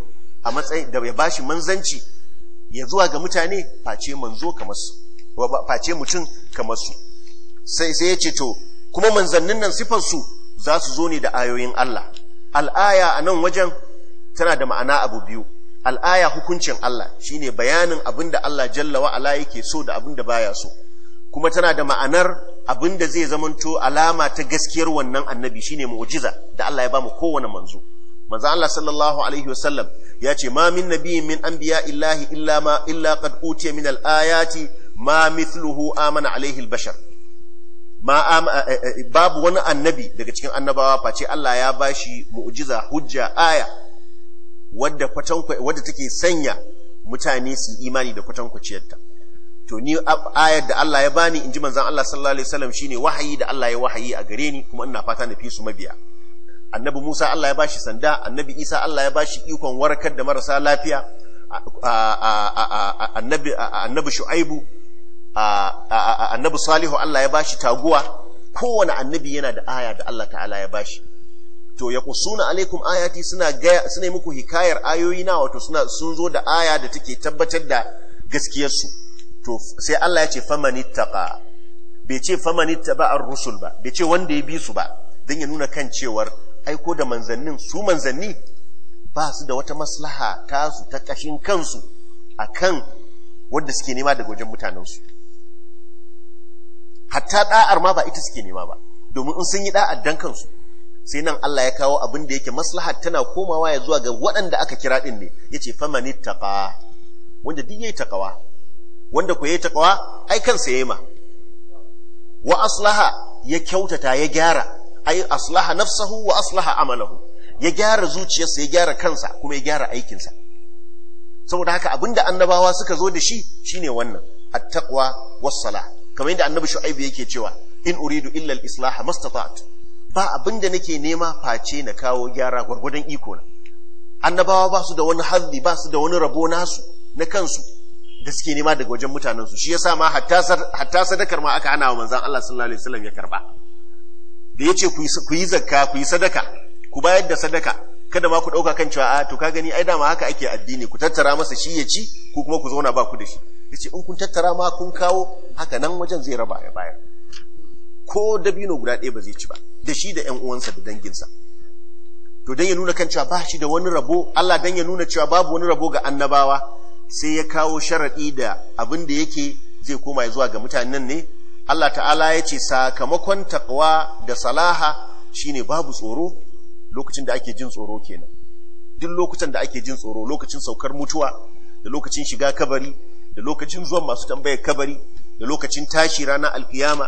a matsayin da ya bashi manzanci ya zuwa ga mutane face manzo kamar su face mutum kamar su sai sai ya ce to kuma manzannin nan sifar su za su zo ne da ayoyin Allah al'aya a nan wajen tana da ma'ana abu biyu al'aya hukuncin Allah shi ne bayanin abin da Allah jalla wa'ala yake so da abin da baya so kuma tana da ma'anar abin da zai zamanto alama ta gaskiyar wannan annabi shi ne mu'jiza da Allah ya bamu kowane manzo manzo Allah sallallahu alaihi wasallam ya ce ma min nabi min an biya illahi illa ma illa qad utiya min al’ayati ayati ma mithluhu amana alaihi al-bashar Eh, eh, eh, babu wani annabi daga cikin annabawa face Allah ya bashi mu'jiza hujja aya wadda wadda take sanya mutane su imani da kwatankwaciyarta to ni ayar da Allah ya bani inji manzon Allah sallallahu alaihi wasallam shine wahayi da Allah ya wahayi a gare ni kuma ina fata na fi su mabiya annabi Musa Allah ya bashi sanda annabi Isa Allah ya bashi ikon warkar da marasa lafiya annabi annabi Shu'aibu annabi salihu Allah ya bashi taguwa kowane annabi yana da aya da Allah ta'ala ya bashi to ya kusuna alaikum ayati suna suna muku hikayar ayoyi na wato suna sun zo da aya da take tabbatar da gaskiyarsu to sai Allah ya ce famanittaqa bai ce famanittaba ar-rusul ba bai ce wanda ya bi su ba dan ya nuna kan cewar aiko da manzannin su manzanni ba su da wata maslaha ta su, ta kashin kansu akan wanda suke nema daga wajen mutanensu hatta da'ar ma ba ita suke nema ba domin in sun yi da'ar dan kansu sai nan Allah ya kawo abin da yake maslaha tana komawa ya zuwa ga waɗanda aka kira din ne yace famani taqa wanda duk yayi taqwa wanda ko yayi taqwa ai kansa yayi ma wa aslaha ya kyautata ya gyara ai aslaha nafsahu wa aslaha amalahu ya gyara zuciyarsa ya gyara kansa kuma ya gyara aikinsa saboda haka abinda annabawa suka zo da shi shine wannan at-taqwa was-salah kamar yadda annabi shu'aibu yake cewa in uridu illal islaha mastata'at ba abin da nake nema face na kawo gyara gwargwadon iko na annabawa ba su da wani hazzi ba su da wani rabo nasu na kansu da suke nema daga wajen mutanen su shi yasa ma hatta sadakar ma aka hana wa manzon Allah sallallahu alaihi wasallam ya karba da yace ku yi zakka ku yi sadaka ku bayar da sadaka kada ma ku ɗauka kan cewa a ah, to ka gani ai dama haka ake addini ku tattara masa shi ya ci ko kuma ku zauna ba ku da shi ya ce in kun tattara ma kun kawo haka nan wajen zai raba ya bayar ko dabino guda ɗaya ba zai ci ba da shi da ƴan uwansa da danginsa to dan ya nuna kan cewa ba shi da wani rabo Allah dan ya nuna cewa babu wani rabo ga annabawa sai ya kawo sharaɗi da abin da yake zai koma zuwa ga mutanen ne Allah ta'ala ya ce sakamakon takwa da salaha shine babu tsoro lokacin da ake jin tsoro kenan duk lokacin da ake jin tsoro lokacin saukar mutuwa da lokacin shiga kabari da lokacin zuwan masu tambayar kabari da lokacin tashi ranar alkiyama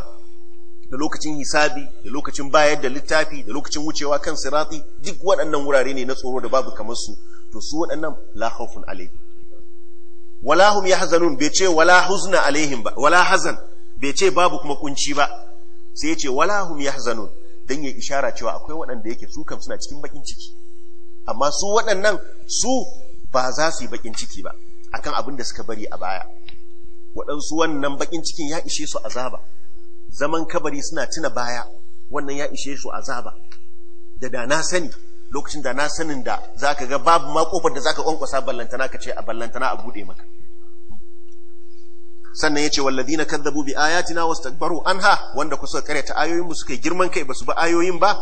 da lokacin hisabi da lokacin bayar da littafi da lokacin wucewa kan sirati duk waɗannan wurare ne na tsoro da babu kamar su to su waɗannan la khawfun alaihim wala hum yahzanun bai ce wala huzna alaihim ba wala hazan bai ce babu kuma kunci ba sai ya ce wala hum yahzanun don ya ishara cewa akwai waɗanda yake su kan suna cikin bakin ciki amma su waɗannan su ba za su yi bakin ciki ba akan abin da suka bari a baya waɗansu wannan bakin cikin ya ishe su azaba zaman kabari suna tuna baya wannan ya ishe su azaba da da na sani lokacin da na sanin da zaka ga babu ma kofar da ka ƙwanƙwasa ballantana ka ce a ballantana a bude maka sannan yace walladina kadzabu bi ayatina wastakbaru anha wanda kusa karyata ayoyin mu suka girman kai basu ba ayoyin ba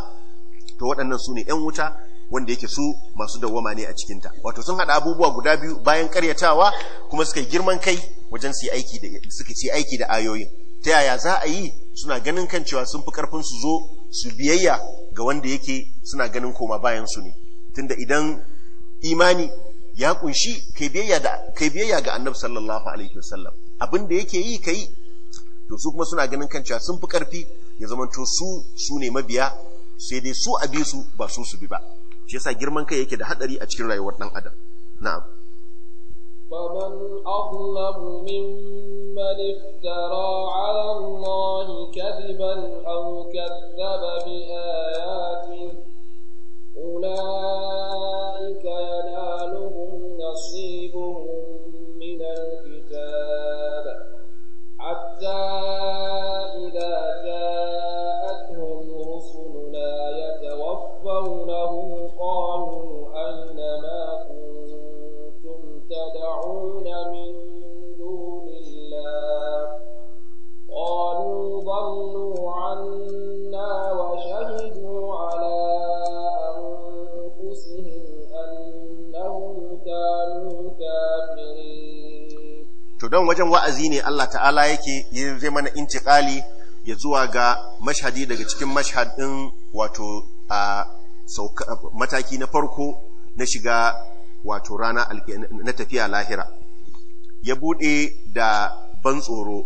to waɗannan su ne yan wuta wanda yake su masu dawwama ne a cikinta wato sun haɗa abubuwa guda biyu bayan karyatawa kuma suka girman kai wajen su aiki da suka ci aiki da ayoyin ta yaya za a yi suna ganin kan cewa sun fi karfin su zo su biyayya ga wanda yake suna ganin koma bayan su ne tunda idan imani ya kunshi kai biyayya ga annabi sallallahu alaihi wasallam abin da yake yi kai to su kuma suna ganin kan sun fi karfi ya zamanto su su ne mabiya sai dai su a su ba su su bi ba shi yasa girman kai yake da hadari a cikin rayuwar dan adam na'am فمن أظلم ممن افترى على الله كذبا أو كذب بآياته wannan wajen wa'azi ne Allah ta'ala yake zai mana intiƙali ya zuwa ga mashadi daga cikin mashadin wato a mataki na farko na shiga wato rana na tafiya lahira ya buɗe da ban tsoro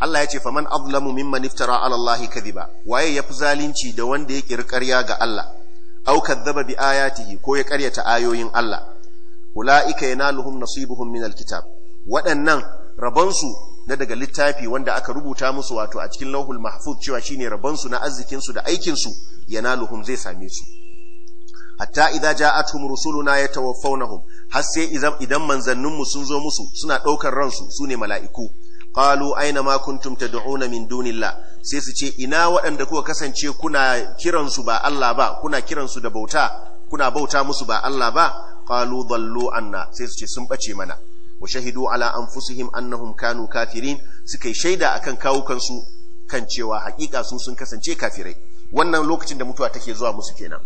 Allah ya ce faman azlamu mimman iftara ala Allah kadhiba waye fi zalunci da wanda ya kirkarya ga Allah au kadzaba bi ayatihi ko ya karyata ayoyin Allah ulaika yanaluhum nasibuhum min alkitab waɗannan rabansu na daga littafi wanda aka rubuta musu wato a cikin lauhul mahfuz cewa shine rabansu na arzikinsu da aikinsu yanaluhum zai same su hatta idza ja'atuhum rusuluna yatawaffawnahum har sai idan manzanninmu sun zo musu suna daukar ransu sune mala'iku qalu aina ma kuntum tad'una min dunillah sai su ce ina waɗanda kuka kasance kuna kiran su ba Allah ba kuna kiran su da bauta kuna bauta musu ba Allah ba qalu dallu anna sai su ce sun bace mana wa shahidu ala anfusihim annahum kanu kafirin suka yi shaida akan kawukansu kan cewa hakika su sun kasance kafirai wannan lokacin da mutuwa take zuwa musu kenan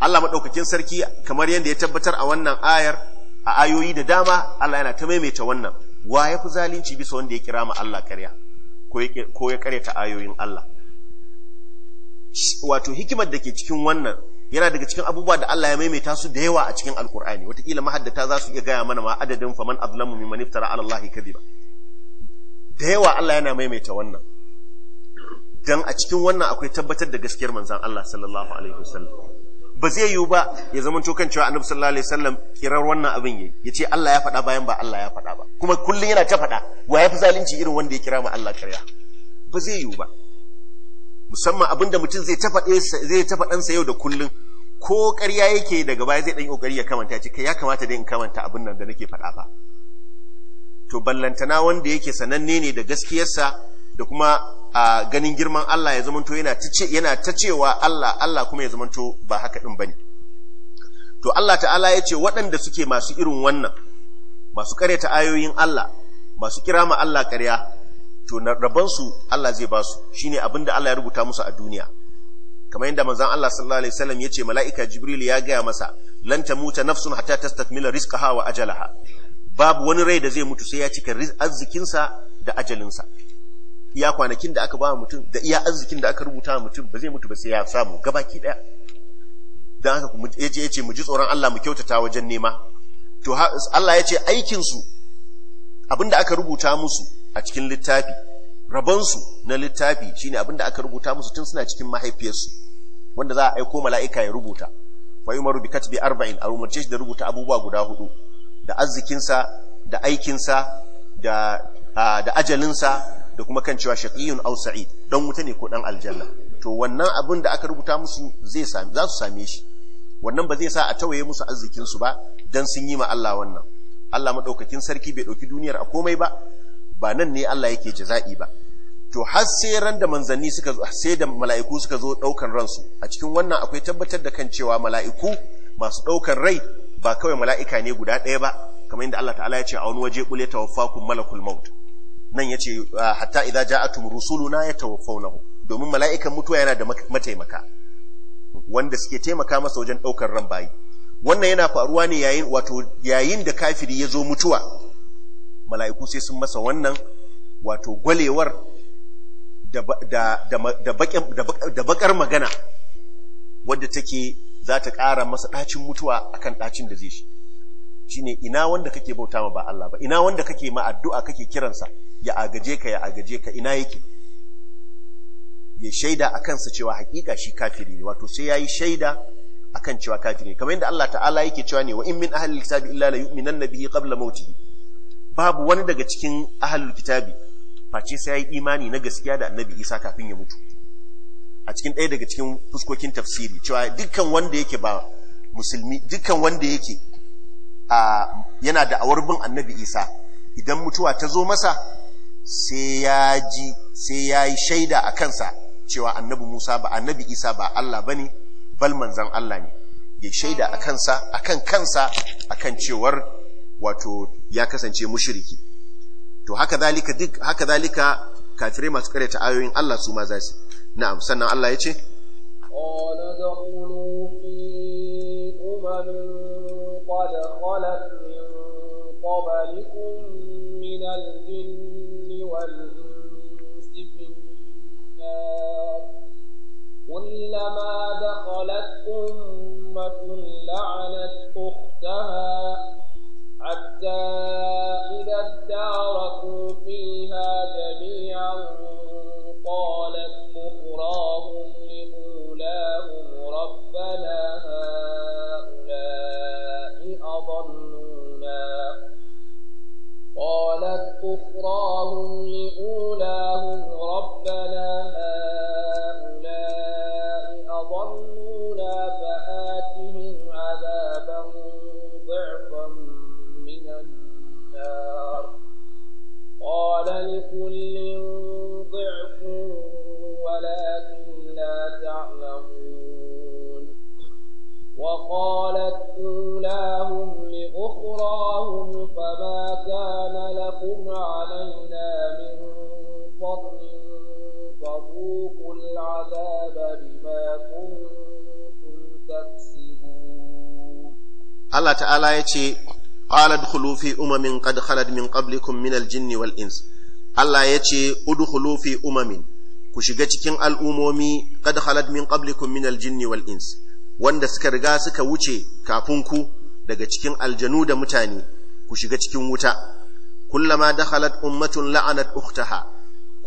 Allah madaukakin sarki kamar yadda ya tabbatar a wannan ayar a ayoyi da dama Allah yana ta maimaita wannan wa ya fi zalunci bisa wanda ya kira ma Allah karya ko ya karyata ayoyin Allah wato hikimar da ke cikin wannan yana daga cikin abubuwa da Allah ya maimaita su da yawa a cikin alkur'ani wataƙila mahaddata za su iya gaya mana ma adadin faman azlamu mimman iftara ala allahi kadhiba da yawa Allah yana maimaita wannan dan a cikin wannan akwai tabbatar da gaskiyar manzon Allah sallallahu alaihi wasallam ba zai yiwu ba ya zama to kan cewa annabi sallallahu alaihi wasallam kirar wannan abin yayi yace Allah ya faɗa bayan ba Allah ya faɗa ba kuma kullun yana ta faɗa wa ya fi zalunci irin wanda ya kira ma Allah kariya ba zai yiwu ba musamman abin da mutum zai tafa ɗansa yau da kullum, ko ƙarya yake daga baya zai ɗan ƙoƙari ya kamanta ce ya kamata dai in kamanta abin nan da nake faɗa fa to ballantana wanda yake sananne ne da gaskiyarsa da kuma a ganin girman Allah ya zamanto yana ta cewa Allah Allah kuma ya zamanto ba haka din bane to Allah ta'ala ya ce waɗanda suke masu irin wannan masu ta ayoyin Allah masu kira ma Allah karya. to rabansu Allah zai ba su shine abinda Allah ya rubuta musu a duniya kamar yadda manzon Allah sallallahu alaihi wasallam ce mala'ika Jibril ya gaya masa lan tamuta nafsun hatta tastakmila rizqaha wa ajalaha babu wani rai da zai mutu sai ya cika arzikinsa da ajalinsa iya kwanakin da aka ba mutum da iya arzikin da aka rubuta mutum ba zai mutu ba sai ya samu gabaki daya dan haka yace yace mu ji tsoron Allah mu kyautata wajen nema to Allah yace aikin su abinda aka rubuta musu a cikin littafi rabonsu na littafi shine abin da aka rubuta musu tun suna cikin mahaifiyarsu wanda za a aiko mala'ika ya rubuta wa yumaru bi katbi arba'in a umarce shi da rubuta abubuwa guda hudu da arzikinsa da aikinsa da ajalinsa da kuma kan cewa shaqiyun aw sa'id dan wuta ne ko dan aljanna to wannan abin da aka rubuta musu za su same shi wannan ba zai sa a tawaye musu arzikinsu ba dan sun yi ma Allah wannan Allah maɗaukakin sarki bai ɗauki duniyar a komai ba ba nan ne Allah yake jaza'i ba to har sai ran da manzanni suka sai da mala'iku suka zo daukan ransu a cikin wannan akwai tabbatar da kan cewa mala'iku masu daukan rai ba kawai mala'ika ne guda ɗaya ba kamar yadda Allah ta'ala ya ce a wani waje kule tawaffakum malakul maut nan ya ce hatta idza ja'atum rusuluna yatawaffawnahu domin mala'ikan mutuwa yana da mataimaka wanda suke taimaka masa wajen ɗaukar ran bayi wannan yana faruwa ne yayin wato yayin da kafiri ya zo mutuwa mala'iku sai sun masa wannan wato gwalewar da bakar magana wadda take za ta ƙara masa ɗacin mutuwa akan ɗacin da zai shi Shi ne ina wanda kake bauta ma ba Allah ba ina wanda kake ma addu'a kake kiransa ya agaje ka ya agaje ka ina yake ya shaida a kansa cewa hakika shi kafiri ne wato sai ya yi shaida a kan cewa kafiri ne kamar yadda Allah ta'ala yake cewa ne wa in min ahalil kitabi illa la yu'minanna bihi qabla mautihi babu wani daga cikin ahalul kitabi face sai yayi imani na gaskiya da annabi isa kafin ya mutu a cikin ɗaya daga cikin fuskokin tafsiri cewa dukkan wanda yake ba musulmi dukkan wanda yake a yana da awar bin annabi isa idan mutuwa ta zo masa sai ya ji sai ya yi shaida a kansa cewa annabi musa ba annabi isa ba allah ba ne bal manzan allah ne ya shaida a kansa a kan kansa a kan cewar wato ya kasance mushriki to haka zalika duk haka zalika kafirai masu karyata ayoyin Allah su ma za su na'am sannan Allah ya ce qala dakhulu fi umamin qad khalat min qablikum min al-jinni wal كلما دخلت أمة لعنت أختها حتى إذا اداركوا فيها جميعا قالت أخراهم لأولاهم ربنا هؤلاء أضلونا قالت أخراهم لأولاهم ربنا هؤلاء أضلونا فآتهم عذابا ضعفا النار قال لكل ضعف ولكن لا تعلمون وقالت أولاهم لأخراهم فما كان لكم علينا من فضل فذوقوا العذاب بما كنتم تكسبون الله تعالى يقول qala adkhulu fi umamin qad khalat min qablikum min al-jinn wal ins Allah yace udkhulu umamin ku shiga cikin al'umomi qad khalat min qablikum min al-jinn wal wanda suka riga suka wuce kafin ku daga cikin aljanu da mutane ku shiga cikin wuta kullama dakhalat ummatun la'anat ukhtaha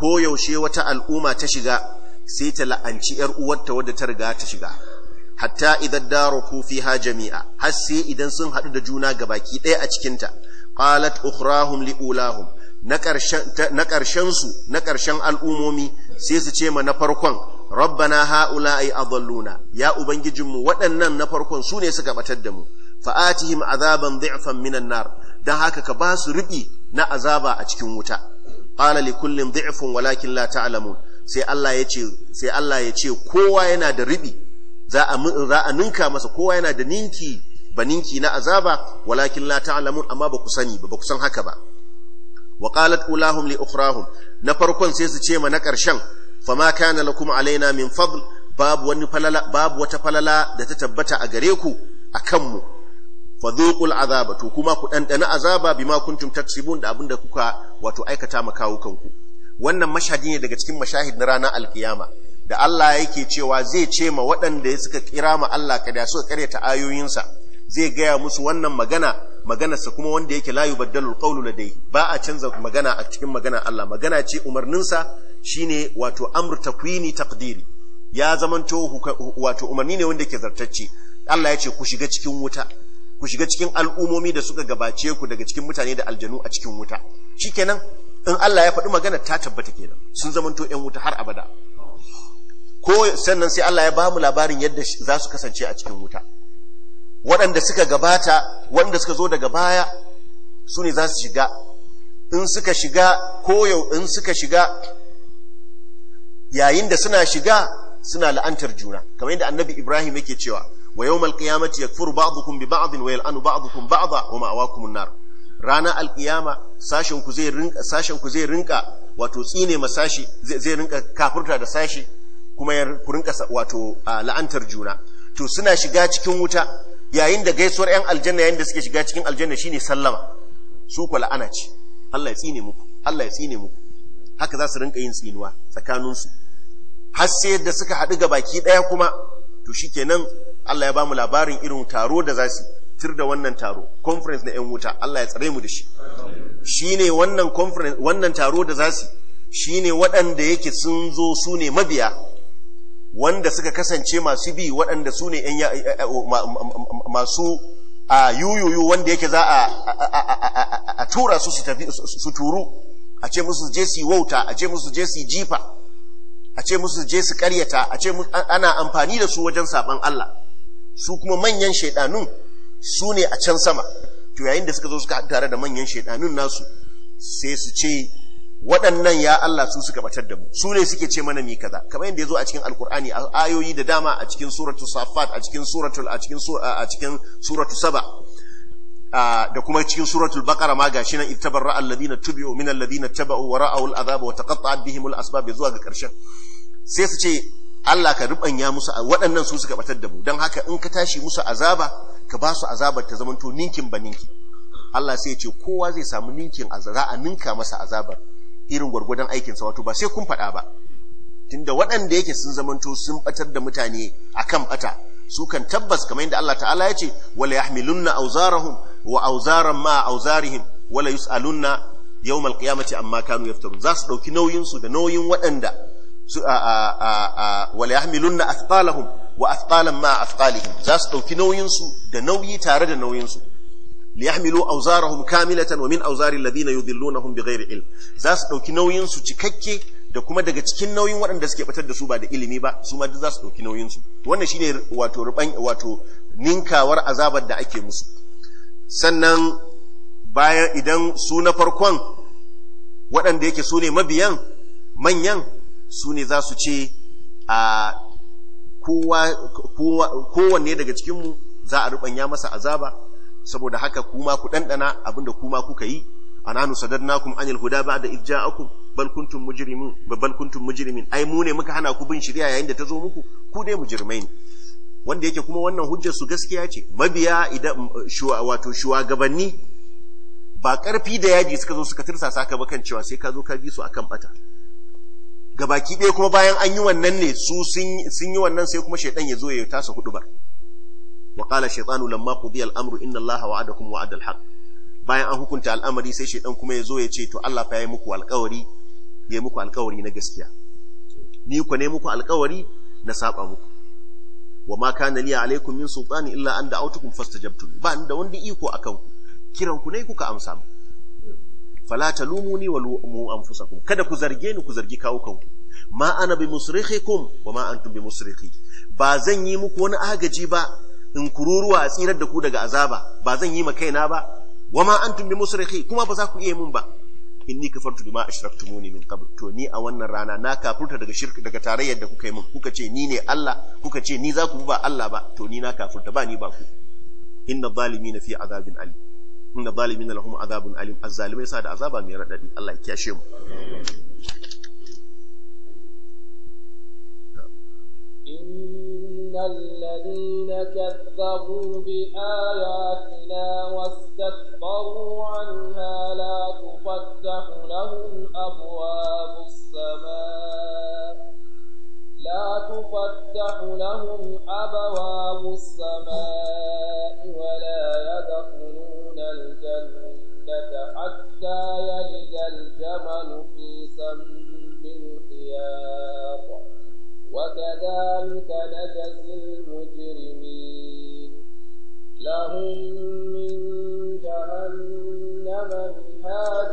ko yaushe wata al'umma ta shiga sai ta la'anci yar uwarta wadda ta riga ta shiga hatta idan kofi ha jami'a har sai idan sun haɗu da juna gabaki ɗaya a cikinta qalat ukhrahum liulahum na ƙarshensu su na ƙarshen al'umomi sai su ce ma na farkon rabbana haula ay adalluna ya ubangijinmu waɗannan na farkon su ne suka batar da mu fa'atihim azaban dhi'fan minan nar dan haka ka ba su ribi na azaba a cikin wuta qala li kullin dhi'fun walakin la ta'lamun sai Allah ya ce sai Allah ya ce kowa yana da ribi za a ninka masa kowa yana da ninki ba ninki na azaba walakin la ta'lamun amma ba ku sani ba ba ku san haka ba wa qalat ulahum li ukhrahum na farkon sai su ce ma na karshen fama kana lakum alaina min fadl babu wani falala babu wata falala da ta tabbata a gare ku akan mu fadhuqul azaba to kuma ku dandana azaba bima kuntum taksibun da abinda kuka wato aikata ma ku kanku wannan mashahidi ne daga cikin mashahid na ranar alkiyama da Allah yake cewa zai ce ma waɗanda suka kira ma Allah kada suka karyata ayoyinsa zai gaya musu wannan magana maganarsa kuma wanda yake layu yubaddalu qawlu ladai ba a canza magana a cikin magana Allah magana ce umarninsa shine wato amr takwini taqdiri ya zamanto wato umarni ne wanda yake zartacce Allah ya ce ku shiga cikin wuta ku shiga cikin al'umomi da suka gabace ku daga cikin mutane da aljanu a cikin wuta shikenan in Allah ya faɗi magana ta tabbata kenan sun zamanto ƴan wuta har abada ko sannan sai Allah ya ba mu labarin yadda za su kasance a cikin wuta waɗanda suka gabata waɗanda suka zo daga baya su ne za su shiga in suka shiga ko yau in suka shiga yayin da suna shiga suna la'antar juna kamar yadda annabi Ibrahim yake cewa wa yawmal ya furu ba'adukun bi ba'adun wa yal'anu ba'adukun ba'dha wa ma'awakum nar Rana alkiyama sashen ku zai rinka sashen ku zai rinka wato tsine ma sashi zai rinka kafurta da sashi kuma ya rinka wato la'antar juna to suna shiga cikin wuta yayin da gaisuwar yan aljanna yayin da suke shiga cikin aljanna shine sallama su ku la'ana ce Allah ya tsine muku Allah ya tsine muku haka za su rinka yin tsinuwa tsakaninsu har sai da suka haɗu ga baki ɗaya kuma to shikenan Allah ya ba mu labarin irin taro da za su tir da wannan taro conference na yan wuta Allah ya tsare mu da shi shine wannan conference wannan taro da za su shine waɗanda yake sun zo su ne mabiya wanda suka kasance masu bi waɗanda su ne masu a yuyuyu wanda yake za a tura su su turu a ce musu je su wauta a ce musu je su jifa a ce musu je su karyata a ce ana amfani da su wajen saɓan Allah su kuma manyan shaidanun su ne a can sama to yayin da suka zo suka tare da manyan shaidanun nasu sai su ce waɗannan ya Allah su suka batar da mu su ne suke ce mana mi kaza kamar yadda zo a cikin alkur'ani ayoyi da dama a cikin suratul safat a cikin suratul a cikin a cikin suratul saba da kuma cikin suratul baqara ma gashi nan ittabarra alladhina tubi'u min alladhina taba'u wa ra'aw al'azab wa taqatta'at bihim al'asbab zuwa ga karshen sai su ce Allah ka rubanya musu waɗannan su suka batar da mu dan haka in ka tashi musu azaba ka ba su azabar ta zamanto ninkin ba ninki Allah sai ya ce kowa zai samu ninkin azaba a ninka masa azabar irin gwargwadon aikinsa wato ba sai kun faɗa ba tunda waɗanda yake sun zamanto sun batar da mutane akan bata su kan tabbas kamar yadda Allah ta'ala ya ce wala yahmilunna awzarahum wa awzaran ma awzarihim wala yusalunna yawmal qiyamati amma kanu yaftarun za su dauki nauyin su da nauyin waɗanda su a a a, a wala yahmilunna athqalahum wa athqalan ma athqalihim za su dauki nauyin su da nauyi tare da nauyin su liyahmilu awzarahum kamilatan wa min awzari alladhina yudhillunahum bighairi ilm za su dauki nauyin su cikakke da kuma daga cikin nauyin waɗanda suke batar da su ba da ilimi ba su ma duk za su dauki nauyin su wannan shine wato ruban wato ninkawar azabar da ake musu sannan bayan idan su na farkon waɗanda yake su ne mabiyan manyan su ne za su ce a kowanne daga cikinmu za a rubanya masa azaba saboda haka kuma ku dandana, abinda kuma kuka yi ana sadadnakum anil huda ba'da id bal kuntum mujrimin bal kuntum mujrimin ai mu ne muka hana ku bin shari'a yayin da ta zo muku ku ne mujrimai ne wanda yake kuma wannan hujjar su gaskiya ce mabiya idan wato shuwagabanni ba karfi da yaji suka zo suka tirsa saka ba kan cewa sai ka zo ka bi su akan bata gabaki ɗaya kuma bayan an yi wannan ne su sun yi wannan sai kuma shaidan ya zo ya tasa hudubar wa qala shaytanu lamma ku al al’amuru inna allaha wa'adakum kuma al alhaq bayan an hukunta al'amari sai shaytan kuma ya zo ya ce to Allah fa ya muku alƙawari ya muku alƙawari na gaskiya ni ku ne muku alƙawari na saba muku wa ma kana li alaikum min sultani illa an fasta fastajabtum ba ni da wanda iko akan ku kiran ku ne kuka amsa mu fala talumuni wa lumu anfusakum kada ku zarge ni ku zargi kawo kanku ma ana bi musrikhikum wa ma antum bi musrikhi ba zan yi muku wani agaji ba in kururuwa a tsirar da ku daga azaba ba zan yi ma kaina ba Wa ma antum bi musrikhi kuma ba za ku iya mun ba inni kafartu bima ashraktumuni min qabl to ni a wannan rana na kafurta daga shirka daga tarayyar da kuka yi min kuka ce ni ne Allah kuka ce ni za ku ba Allah ba to ni na kafurta ba ni ba ku inna zalimin fi azabin alim inna zalimin lahum azabun alim azzalimai sa da azaba mai radadi Allah ya kiyashe mu إن الذين كذبوا بآياتنا واستكبروا عنها لا تفتح لهم أبواب السماء لا تفتح لهم أبواب السماء ولا يدخلون الجنة حتى يلد الجمل في سم الخياط وكذلك نجزي المجرمين لهم من جهنم مهاد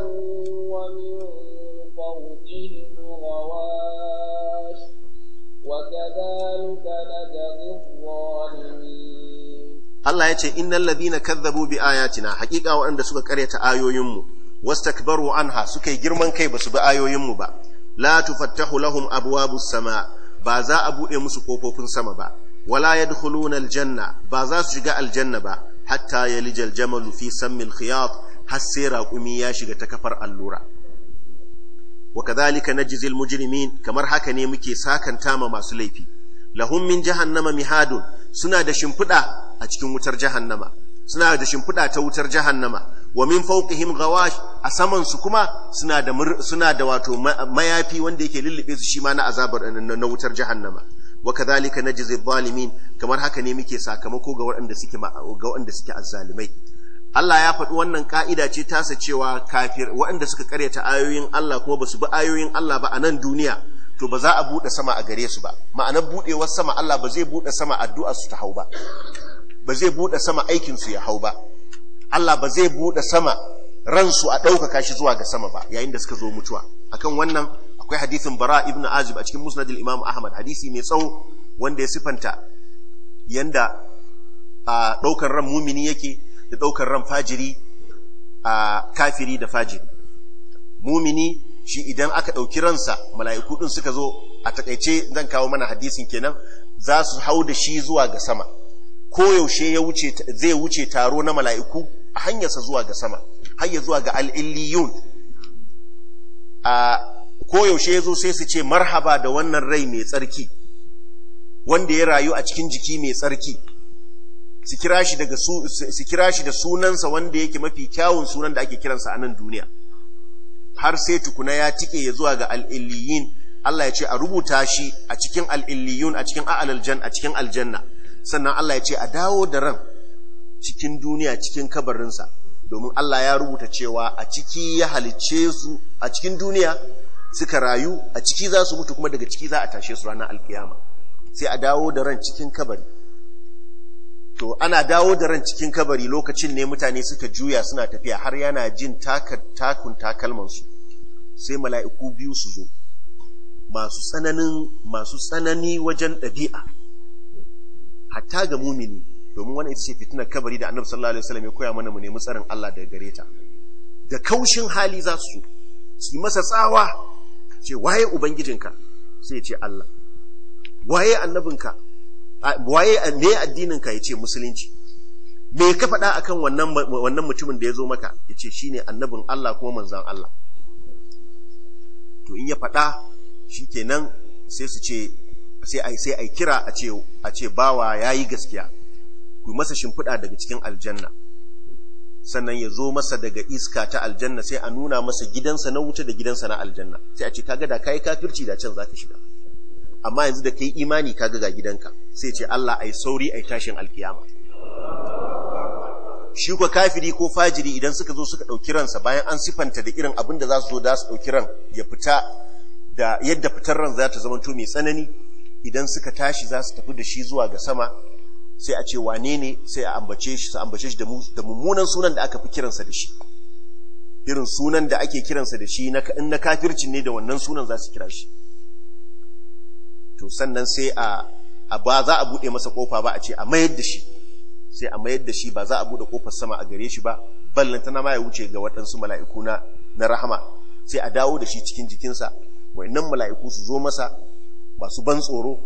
ومن فوقهم غواش وكذلك نجزي Allah ya ce, Innan labina kazzabu bi ayatina, haƙiƙa waɗanda suka ƙaryata ayoyinmu, wasu takbaru anha suka yi girman kai ba su bi ayoyinmu ba, la tufattahu lahum abuwa sama ba za a buɗe musu ƙofofin sama ba wala yadkhuluna aljanna ba za su shiga aljanna ba hatta yalijal jamalu fi sammil khiyat har sai raƙumi ya shiga ta kafar allura wa kadhalika najzil mujrimin kamar haka ne muke sakanta ma masu laifi lahum min jahannama mihadun suna da shimfiɗa a cikin wutar jahannama suna da shimfiɗa ta wutar jahannama wa min fawqihim ghawash a saman su kuma suna da suna da wato mayafi wanda yake lullube su shi ma na azabar eh, na wutar jahannama wa kadhalika najzi zalimin kamar haka ne muke sakamako ga waɗanda suke ga waɗanda suke azzalimai Allah ya faɗi wannan ka'ida ce tasa cewa kafir waɗanda suka karyata ayoyin Allah kuma basu bi ayoyin Allah ba a nan duniya to ba za a buɗe sama a gare su ba ma'anar budewar sama Allah ba zai buɗe sama addu'ar su ta hau ba ba zai buɗe sama aikin su ya hau ba Allah ba zai buɗe sama ransu a ɗaukaka shi zuwa ga sama ba yayin da suka zo mutuwa akan wannan akwai hadisin bara ibn azib a cikin musnadil imam ahmad hadisi mai tsawo wanda ya sifanta yanda a ɗaukar ran mumini yake da ɗaukar ran fajiri a kafiri da fajiri mumini shi idan aka ɗauki ransa mala'iku ɗin suka zo a takaice zan kawo mana hadisin kenan za su hau da shi zuwa ga sama ko yaushe zai wuce taro na mala'iku A hanyarsa zuwa ga sama hanyar zuwa ga al'illiyun a koyaushe ya zo sai su ce marhaba da wannan rai mai tsarki wanda ya rayu a cikin jiki mai tsarki su kira shi da sunansa wanda yake mafi kyawun sunan da ake kiransa a nan duniya har sai tukuna ya tike ya zuwa ga al’illiyun Allah ya ce a rubuta shi a cikin al'illiyun a cikin a'alaljan a cikin aljanna sannan Allah ya ce a dawo da ran cikin duniya cikin kabarinsa domin Allah ya rubuta cewa a ciki ya halicce su a cikin duniya suka rayu a ciki za su mutu kuma daga ciki za a tashe su ranar alkiyama sai a dawo da ran cikin kabari to ana dawo da ran cikin kabari lokacin ne mutane suka juya suna tafiya har yana jin takun takalmansu sai mala'iku biyu su zo masu tsananin masu tsanani wajen ɗabi'a hatta ga mumini domin wani ita ce fitinar kabari da annabi sallallahu alaihi wasallam ya koya mana mu nemi tsarin Allah daga gare ta da kaushin hali za su su masa tsawa ce waye ubangijinka sai ya ce Allah waye annabinka waye ne addininka ya ce musulunci me ka faɗa akan wannan wannan mutumin da ya zo maka ya ce shine annabin Allah kuma manzan Allah to in ya faɗa shikenan sai su ce sai ai sai kira a ce a ce bawa yayi gaskiya ku masa shimfiɗa daga cikin aljanna sannan ya zo masa daga iska ta aljanna sai a nuna masa gidansa na wuta da gidansa na aljanna sai a ce kaga da kai kafirci da can zaka shiga amma yanzu da kai imani kaga ga gidanka sai ce Allah ai sauri ai tashin alkiyama shi ko kafiri ko fajiri idan suka zo suka dauki ransa bayan an sifanta da irin abin da za su zo da su dauki ran ya fita da yadda fitar ran za ta zama to mai tsanani idan suka tashi za su tafi da shi zuwa ga sama sai a ce wane ne sai a ambace shi su ambace shi da mummunan sunan da aka fi kiransa da shi irin sunan da ake kiransa da shi in na kafircin ne da wannan sunan za su kira shi to sannan sai a ba za a buɗe masa kofa ba a ce a mayar da shi sai a mayar da shi ba za a buɗe kofar sama a gare shi ba tana ma ya wuce ga waɗansu mala'iku na rahama sai a dawo da shi cikin jikinsa wa'annan mala'iku su zo masa masu ban tsoro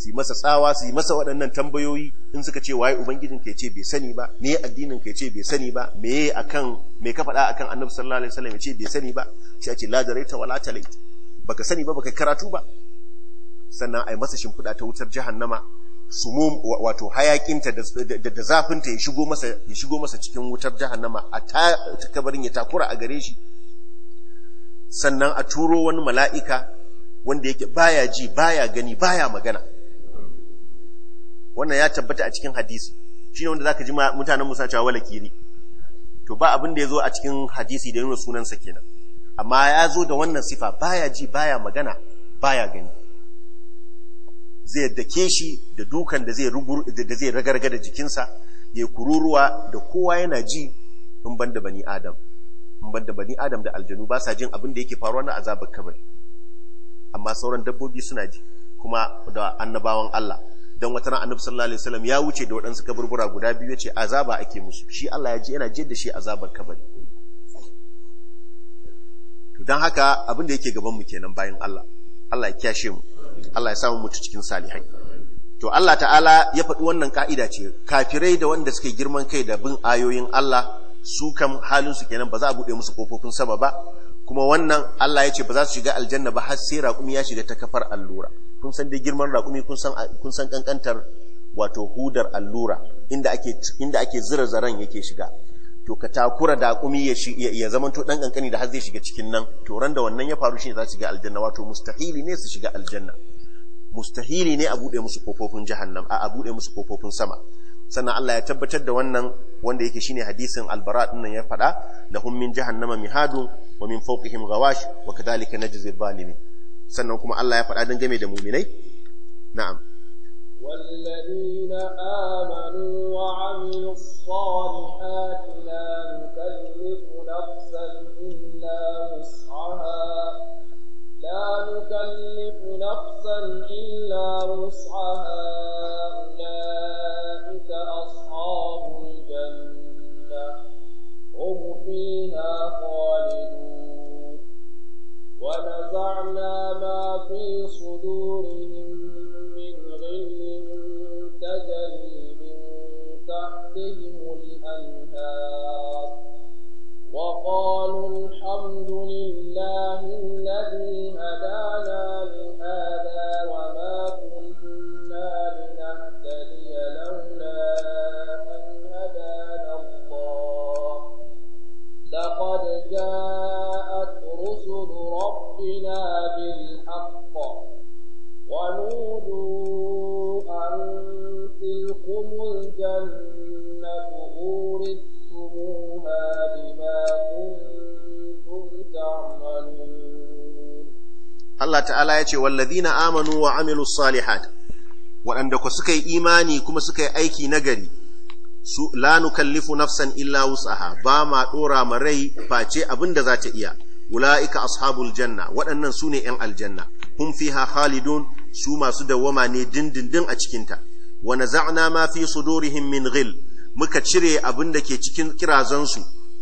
su yi masa tsawa su yi masa waɗannan tambayoyi in suka ce waye ubangijin ke ce bai sani ba me addinin ke ce bai sani ba me akan me ka faɗa akan annabi sallallahu alaihi wasallam ce bai sani ba sai a ce la daraita wala talait baka sani ba baka karatu ba sannan ai masa shimfiɗa ta wutar jahannama sumum wato ta da zafinta ya shigo masa ya shigo masa cikin wutar jahannama a kabarin ya takura a gare shi sannan a turo wani mala'ika wanda yake baya ji baya gani baya magana wannan ya tabbata a cikin hadisi shi ne wanda za ka ji mutanen musa cewa wala kiri to ba abin da ya zo a cikin hadisi da nuna sunansa kenan amma ya zo da wannan sifa baya ji baya magana baya gani zai dake shi da dukan da zai da ragarga da jikinsa ya kururuwa da kowa yana ji in ban da bani adam in ban da bani adam da aljanu ba sa jin abin da yake faruwa na azabar kabari amma sauran dabbobi suna ji kuma da annabawan Allah don wata ran annabi sallallahu alaihi wasallam ya wuce da waɗansu kaburbura guda biyu yace azaba ake musu shi Allah ya ji yana jidda shi azabar kabari to dan haka abin da yake gaban mu kenan bayan Allah Allah ya kiyashe mu Allah ya samu mutu cikin salihai to Allah ta'ala ya faɗi wannan ka'ida ce kafirai da wanda suke girman kai da bin ayoyin Allah su kam halin su kenan ba za a buɗe musu kofofin sama ba kuma wannan Allah ya ce ba za su shiga aljanna ba har sai raqumi ya shiga ta kafar allura kun san dai girman raƙumi kun san ƙanƙantar wato hudar allura inda ake zira zaren yake shiga to ka takura da ya ya zamanto ɗan kankani da har zai shiga cikin nan to ran da wannan ya faru ne za su shiga aljanna wato mustahili ne su shiga aljanna mustahili ne a bude musu kofofin jahannam a bude musu kofofin sama sannan Allah ya tabbatar da wannan wanda yake shine hadisin albara din nan ya faɗa lahum min jahannama mihadun wa min fawqihim ghawash wa kadhalika najzi zalimin sannan kuma Allah ya faɗa dangane da muminai na'am والذين آمنوا وعملوا الصالحات لا نكلف نفسا إلا وسعها لا نكلف نفسا إلا وسعها أولئك أصحاب الجنة هم فيها خالدون ونزعنا ما في صدورهم من غل تجري من تحتهم الأنهار وقالوا الحمد لله الذي هدانا لهذا وما كنا لنهتدي لولا أن هدانا الله لقد جاءت رسل ربنا بالحق ونودوا أن تلكم الجنة أورثتموها بما كنتم تعملون الله تعالى يقول والذين آمنوا وعملوا الصالحات waɗanda ku suka yi imani kuma suka yi aiki nagari su la nukallifu nafsan illa wus'aha ba ma dora ma rai face abinda za ta iya ulaika ashabul janna waɗannan sune yan aljanna hum fiha khalidun su masu dawwama ne dindindin a cikinta ta wa naza'na ma fi sudurihim min ghil muka cire abinda ke cikin kirazan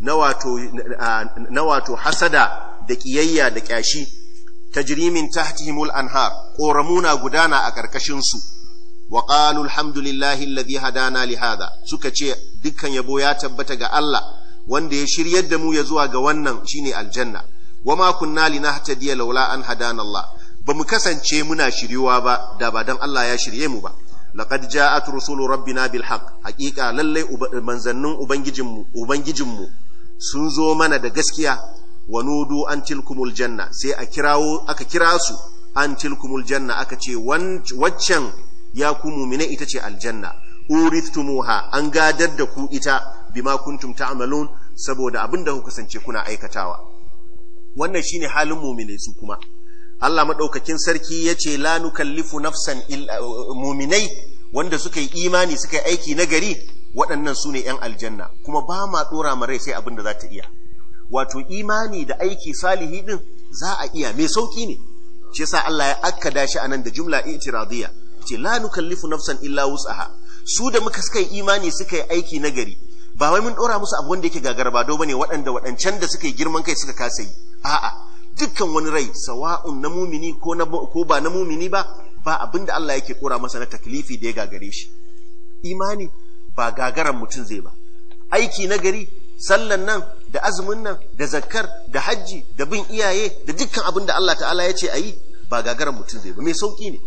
na wato na hasada da kiyayya da kyashi tajrimin tahtihimul anhar ƙoramuna gudana a ƙarƙashinsu. wa qalu alhamdulillahi alladhi hadana li suka ce dukkan yabo ya tabbata ga Allah wanda ya shiryar da mu ya zuwa ga wannan shine aljanna wama kunna linahtadiya laula an hadana Allah bamu kasance muna shiryuwa ba da ba dan Allah ya shirye mu ba laqad ja'at rusulu rabbina bil haqq haqiqa lalle manzannin ubangijinmu ubangijinmu sun zo mana da gaskiya wa nudu an tilkumul janna sai a kirawo aka kira su an tilkumul janna aka ce waccan ya ku mumine ita ce aljanna urithumuha an gadar da ku ita bima kuntum ta'malun saboda abinda ku kasance kuna aikatawa wannan shine halin mumine su kuma Allah madaukakin sarki yace la nukallifu nafsan illa muminai wanda suka yi imani suka yi aiki nagari waɗannan su ne 'yan aljanna kuma ba ma ɗora ma rai sai abin da za ta iya wato imani da aiki salihi ɗin za a iya mai sauƙi ne shi yasa Allah ya akkada shi anan da jumla i'tiradiyya ce la nukallifu nafsan illa wus'aha su da muka suka yi imani suka yi aiki na gari ba wai mun dora musu abu wanda yake gagarba do bane waɗanda waɗancan da suka yi girman kai suka kasa yi a'a dukkan wani rai sawa'un na mumini ko na ko ba na mumini ba ba abinda Allah yake kura masa na taklifi da ya gagare shi imani ba gagaran mutum zai ba aiki nagari gari sallan nan da azumin nan da zakkar da hajji da bin iyaye da dukkan abin da Allah ta'ala ya ce a yi ba gagaran mutum zai ba mai sauki ne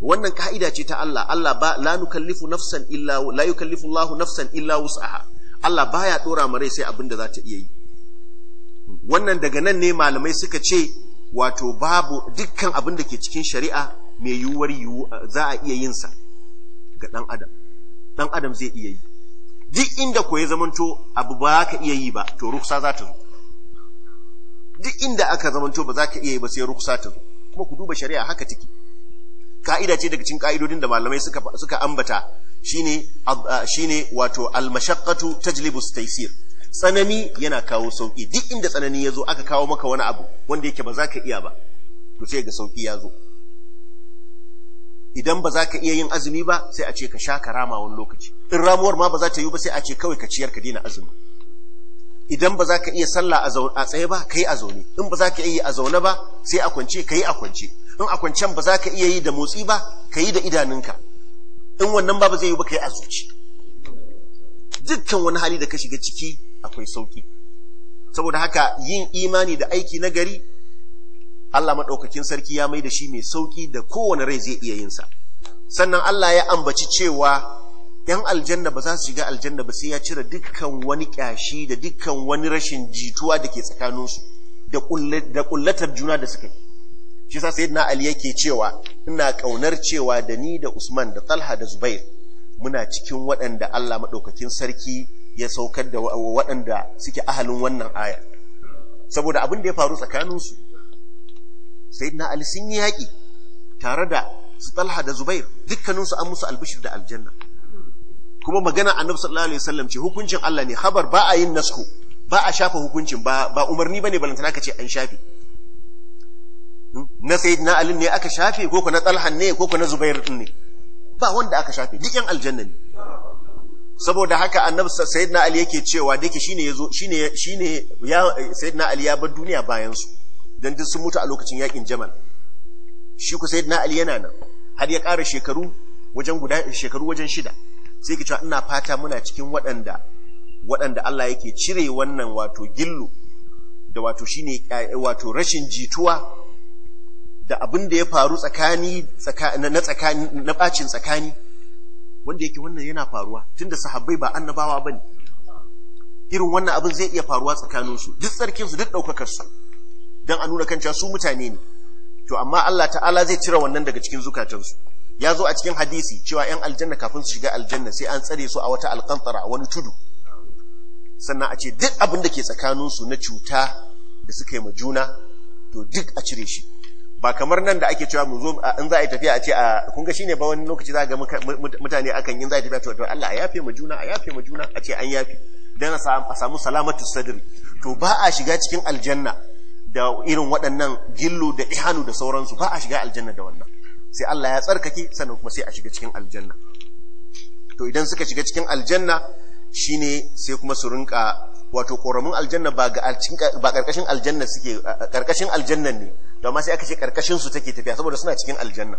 wannan ka'ida ce ta Allah Allah ba la nukallifu nafsan illa la yukallifu Allah nafsan illa wus'aha Allah baya dora mare sai abin da za ta iya yi wannan daga nan ne malamai suka ce wato babu dukkan abin da ke cikin shari'a mai yiwuwar za a iya yin sa ga dan adam dan adam zai iya yi duk inda ko ya zamanto abu ba ka iya yi ba to ruksa za ta zo duk inda aka zamanto ba za ka iya yi ba sai ruksa ta zo kuma ku duba shari'a haka take ka'ida ce daga cikin ka'idodin da malamai suka suka ambata shine shine wato al-mashaqqatu tajlibu taysir tsanani yana kawo sauki duk inda tsanani zo aka kawo maka wani abu wanda yake ba za ka iya ba to sai ga sauki yazo idan ba za ka iya yin azumi ba sai a ce ka sha rama wani lokaci in ramuwar ma ba za ta yi ba sai a ce kawai ka ciyar ka dina azumi idan ba za ka iya sallah a tsaye ba ka a zaune in ba za ka iya a zaune ba sai a kwance ka yi a kwance in a kwancen ba za ka iya yi da motsi ba ka yi da idanunka in wannan ba ba zai yi ba ka yi a zuci dukkan wani hali da ka shiga ciki akwai sauki saboda haka yin imani da aiki na gari Allah maɗaukakin sarki ya mai da shi mai sauki da kowane rai zai iya yinsa sannan Allah ya ambaci cewa ‘yan aljanna ba za su shiga aljanna ba sai ya cire dukkan wani ƙyashi da dukkan wani rashin jituwa da ke tsakaninsu da ƙullatar juna da suka yi shi sa sayyidina ali yake cewa ina kaunar cewa da ni da usman da talha da zubair muna cikin waɗanda allah maɗaukakin sarki ya saukar da waɗanda suke ahalin wannan ayar saboda abin da ya faru tsakaninsu sayyidina ali sun yi yaƙi tare da su talha da zubair dukkaninsu an musu albishir da aljanna kuma magana annabi sallallahu alaihi wasallam ce hukuncin allah ne habar ba a yin nasku, ba a shafa hukuncin ba umarni bane balantana ka ce an shafe na sayyidina ali ne aka shafe ko ko na talhan ne ko ko na zubair ne ba wanda aka shafe duk yan aljanna ne saboda haka annabi sayyidina ali yake cewa da shine yazo shine shine ya sayyidina ali ya bar duniya bayan su dan duk sun mutu a lokacin yakin jamal shi ku sayyidina ali yana nan har ya ƙara shekaru wajen guda shekaru wajen shida sai ki cewa ina fata muna cikin waɗanda waɗanda Allah yake cire wannan wato gillu da wato shine eh, wato rashin jituwa da abin da ya faru tsakani na tsakani na bacin tsakani wanda yake wannan yana faruwa tunda sahabbai ba annabawa bane irin wannan abin zai iya faruwa tsakanin su duk tsarkinsu su duk daukakar su dan a nuna kanta su mutane ne to amma Allah ta'ala zai cire wannan daga cikin su ya zo a cikin hadisi cewa yan aljanna kafin su shiga aljanna sai an tsare su a wata alqantara a wani tudu sannan a ce duk abin da ke tsakanin su na cuta da suka yi ma juna to duk a cire shi ba kamar nan da ake cewa mu zo in za a yi tafiya a ce a kun ga shine ba wani lokaci za ga mutane akan yin za a yi tafiya to Allah a yafe mu juna a yafe mu juna a ce an yafe dan a samu salamatu sadri to ba a shiga cikin aljanna da irin waɗannan gillu da ihanu da sauransu ba a shiga aljanna da wannan sai Allah ya tsarkake sannan kuma sai a shiga cikin aljanna to idan suka shiga cikin aljanna shine sai kuma su rinka wato ƙoramin aljanna ba ga ba ƙarƙashin aljanna suke ƙarƙashin aljannan ne da masu sai aka ce ƙarƙashinsu su take tafiya saboda suna cikin aljanna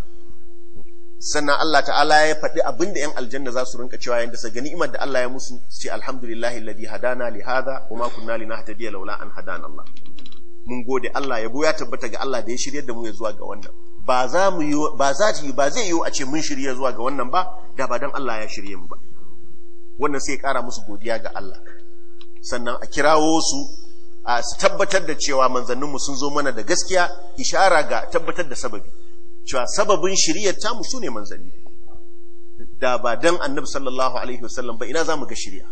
sannan Allah ta'ala ya faɗi abin da 'yan aljanna za su rinka cewa yadda sa gani imar da Allah ya musu ce alhamdulillahi ladi hadana li hadha wa ma kunna linahtadiya laula an hadana Allah mun gode Allah ya ya tabbata ga Allah da ya shirya da mu ya zuwa ga wannan ba za mu yi ba za ta yi ba zai yi a ce mun shirya zuwa ga wannan ba da ba dan Allah ya shirye mu ba wannan sai ya kara musu godiya ga Allah sannan a kirawo su a tabbatar da cewa manzanninmu sun zo mana da gaskiya ishara ga tabbatar da sababi cewa sababin shiriyar tamu su ne manzanni da ba dan annabi sallallahu alaihi wasallam ba ina za mu ga shiriya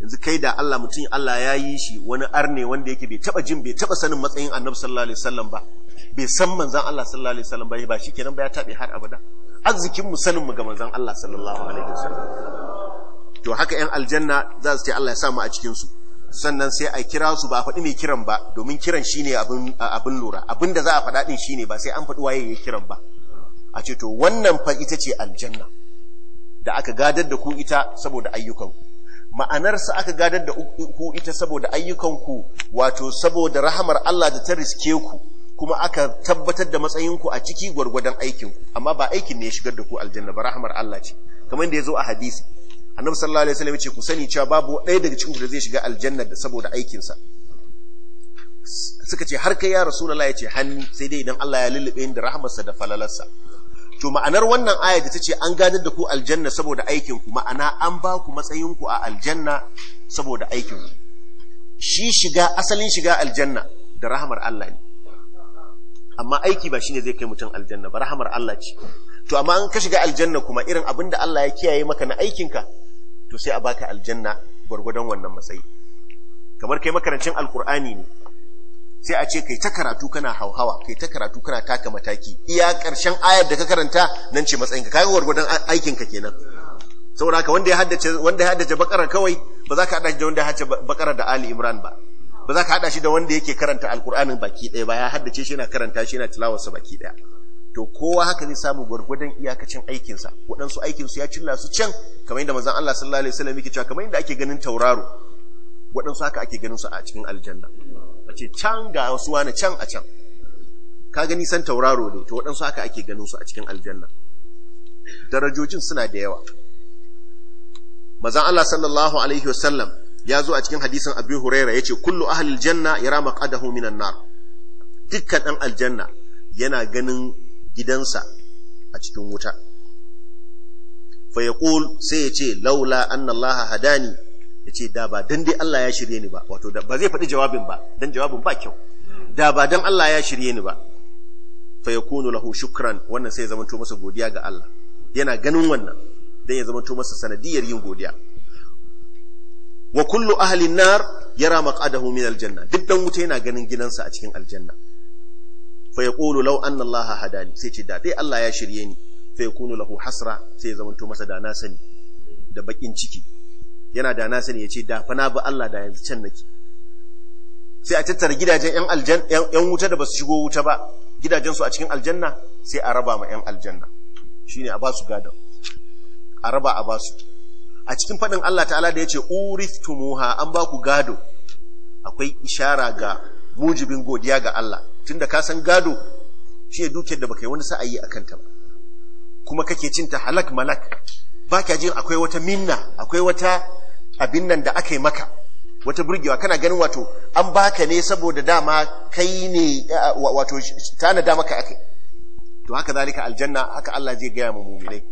yanzu kai da Allah mutum Allah ya yi shi wani arne wanda yake bai taba jin bai taba sanin matsayin annabi sallallahu alaihi wasallam ba bai san manzan Allah sallallahu alaihi wasallam ba ba shikenan ba ya tabe har abada arzikin mu sanin mu ga manzan Allah sallallahu alaihi wasallam to haka yan aljanna za su ce Allah ya sa mu a cikin su sannan sai a kira su ba a faɗi mai kiran ba domin kiran shine abin lura abin da za a faɗa ɗin shine ba sai an faɗi waye ya kiran ba a ce to wannan fa ita ce aljanna da aka gadar da ku ita saboda ayyukanku Ma'anar sa aka gadar da ku ita saboda ayyukanku wato saboda rahamar Allah da ta riske ku kuma aka tabbatar da matsayinku a ciki gwargwadon aikinku amma ba aikin ne ya shigar da ku aljanna ba rahamar Allah ce kamar da ya zo a hadisi annabi sallallahu alaihi wasallam ce ku sani cewa babu ɗaya daga cikin da zai shiga aljanna saboda aikinsa suka ce har kai ya rasulullahi ya ce hannu sai dai idan Allah ya lullube ni da rahmarsa da falalarsa to ma'anar wannan aya da tace an gadar da ku aljanna saboda aikin ku ma'ana an ba ku matsayin ku a aljanna saboda aikin ku shi shiga asalin shiga aljanna da rahmar Allah ne amma aiki ba shine zai kai mutum aljanna ba rahmar Allah ce to amma an ka shiga aljanna kuma irin abin da Allah ya kiyaye maka na ka to sai a baka aljanna gurgudan wannan matsayi kamar kai makarancin alkur'ani ne sai a ce kai ta karatu kana hauhawa kai ta karatu kana taka mataki iya karshen ayar da ka karanta nan ce matsayinka kai gurgudan aikin ka kenan saboda haka wanda ya haddace wanda ya haddace bakara kawai ba za ka hada shi da wanda ya haddace bakara da Ali Imran ba ba za ka hada shi da wanda yake karanta alkur'anin baki ɗaya ba ya haddace shi yana karanta shi yana tilawarsa baki ɗaya to kowa haka zai samu gwargwadon iyakacin aikinsa waɗansu aikinsu ya cilla su can kamar yadda mazan Allah sallallahu alaihi wasallam yake cewa kamar yadda ake ganin tauraro waɗansu haka ake ganin su a cikin aljanna a ce can ga wasu wani can a can ka gani san tauraro ne to waɗansu haka ake ganin su a cikin aljanna darajojin suna da yawa mazan Allah sallallahu alaihi wasallam ya zo a cikin hadisin abu Huraira yace kullu ahlil janna yara maqadahu minan nar dukkan ɗan aljanna yana ganin gidansa a cikin wuta fa sai ya ce laula annallaha hadani ya ce da ba don dai Allah ya shirye ni ba wato ba zai faɗi jawabin ba don jawabin ba kyau da ba don Allah ya shirye ni ba fa lahu shukran wannan sai ya zamanto masa godiya ga Allah yana ganin wannan dan ya zamanto masa sanadiyar yin godiya wa kullu ahalin nar yara maq'adahu min aljanna duk ɗan wuta yana ganin gidansa a cikin aljanna fa yaqulu lau anna Allah hadani sai ce da Allah ya shirye ni fa yakunu lahu hasra sai ya zamanto masa da na sani da bakin ciki yana da na sani ce da fa na Allah da yanzu can nake sai a tattara gidajen yan aljan yan wuta da basu shigo wuta ba gidajen su a cikin aljanna sai a raba ma yan aljanna shine a basu gada a raba a basu a cikin fadin Allah ta'ala da yace tumuha an ba ku gado akwai ishara ga mujibin godiya ga Allah tunda ka san gado shi dukiyar da baka yi wani sa'ayi a kanta ba kuma kake cinta ta halak malak ba ka ji akwai wata minna akwai wata abin nan da aka yi maka wata burgewa kana ganin wato an baka ne saboda dama kai ne wato tana tanada maka ake. to haka zalika aljanna haka Allah zai gaya mu mu'minai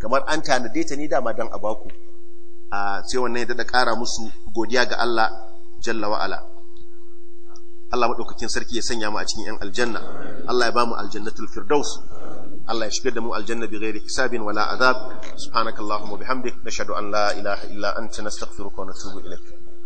kamar an tanade ta ne dama dan abaku a sai wannan ya dada kara musu godiya ga Allah jalla wa'ala Allah madaukakin sarki ya sanya mu a cikin yan aljanna Allah ya ba mu aljannatul firdaus Allah ya shiga da mu aljanna bi ghairi hisabin wala azab subhanakallahumma bihamdik nashhadu an la ilaha illa anta nastaghfiruka wa natubu ilaik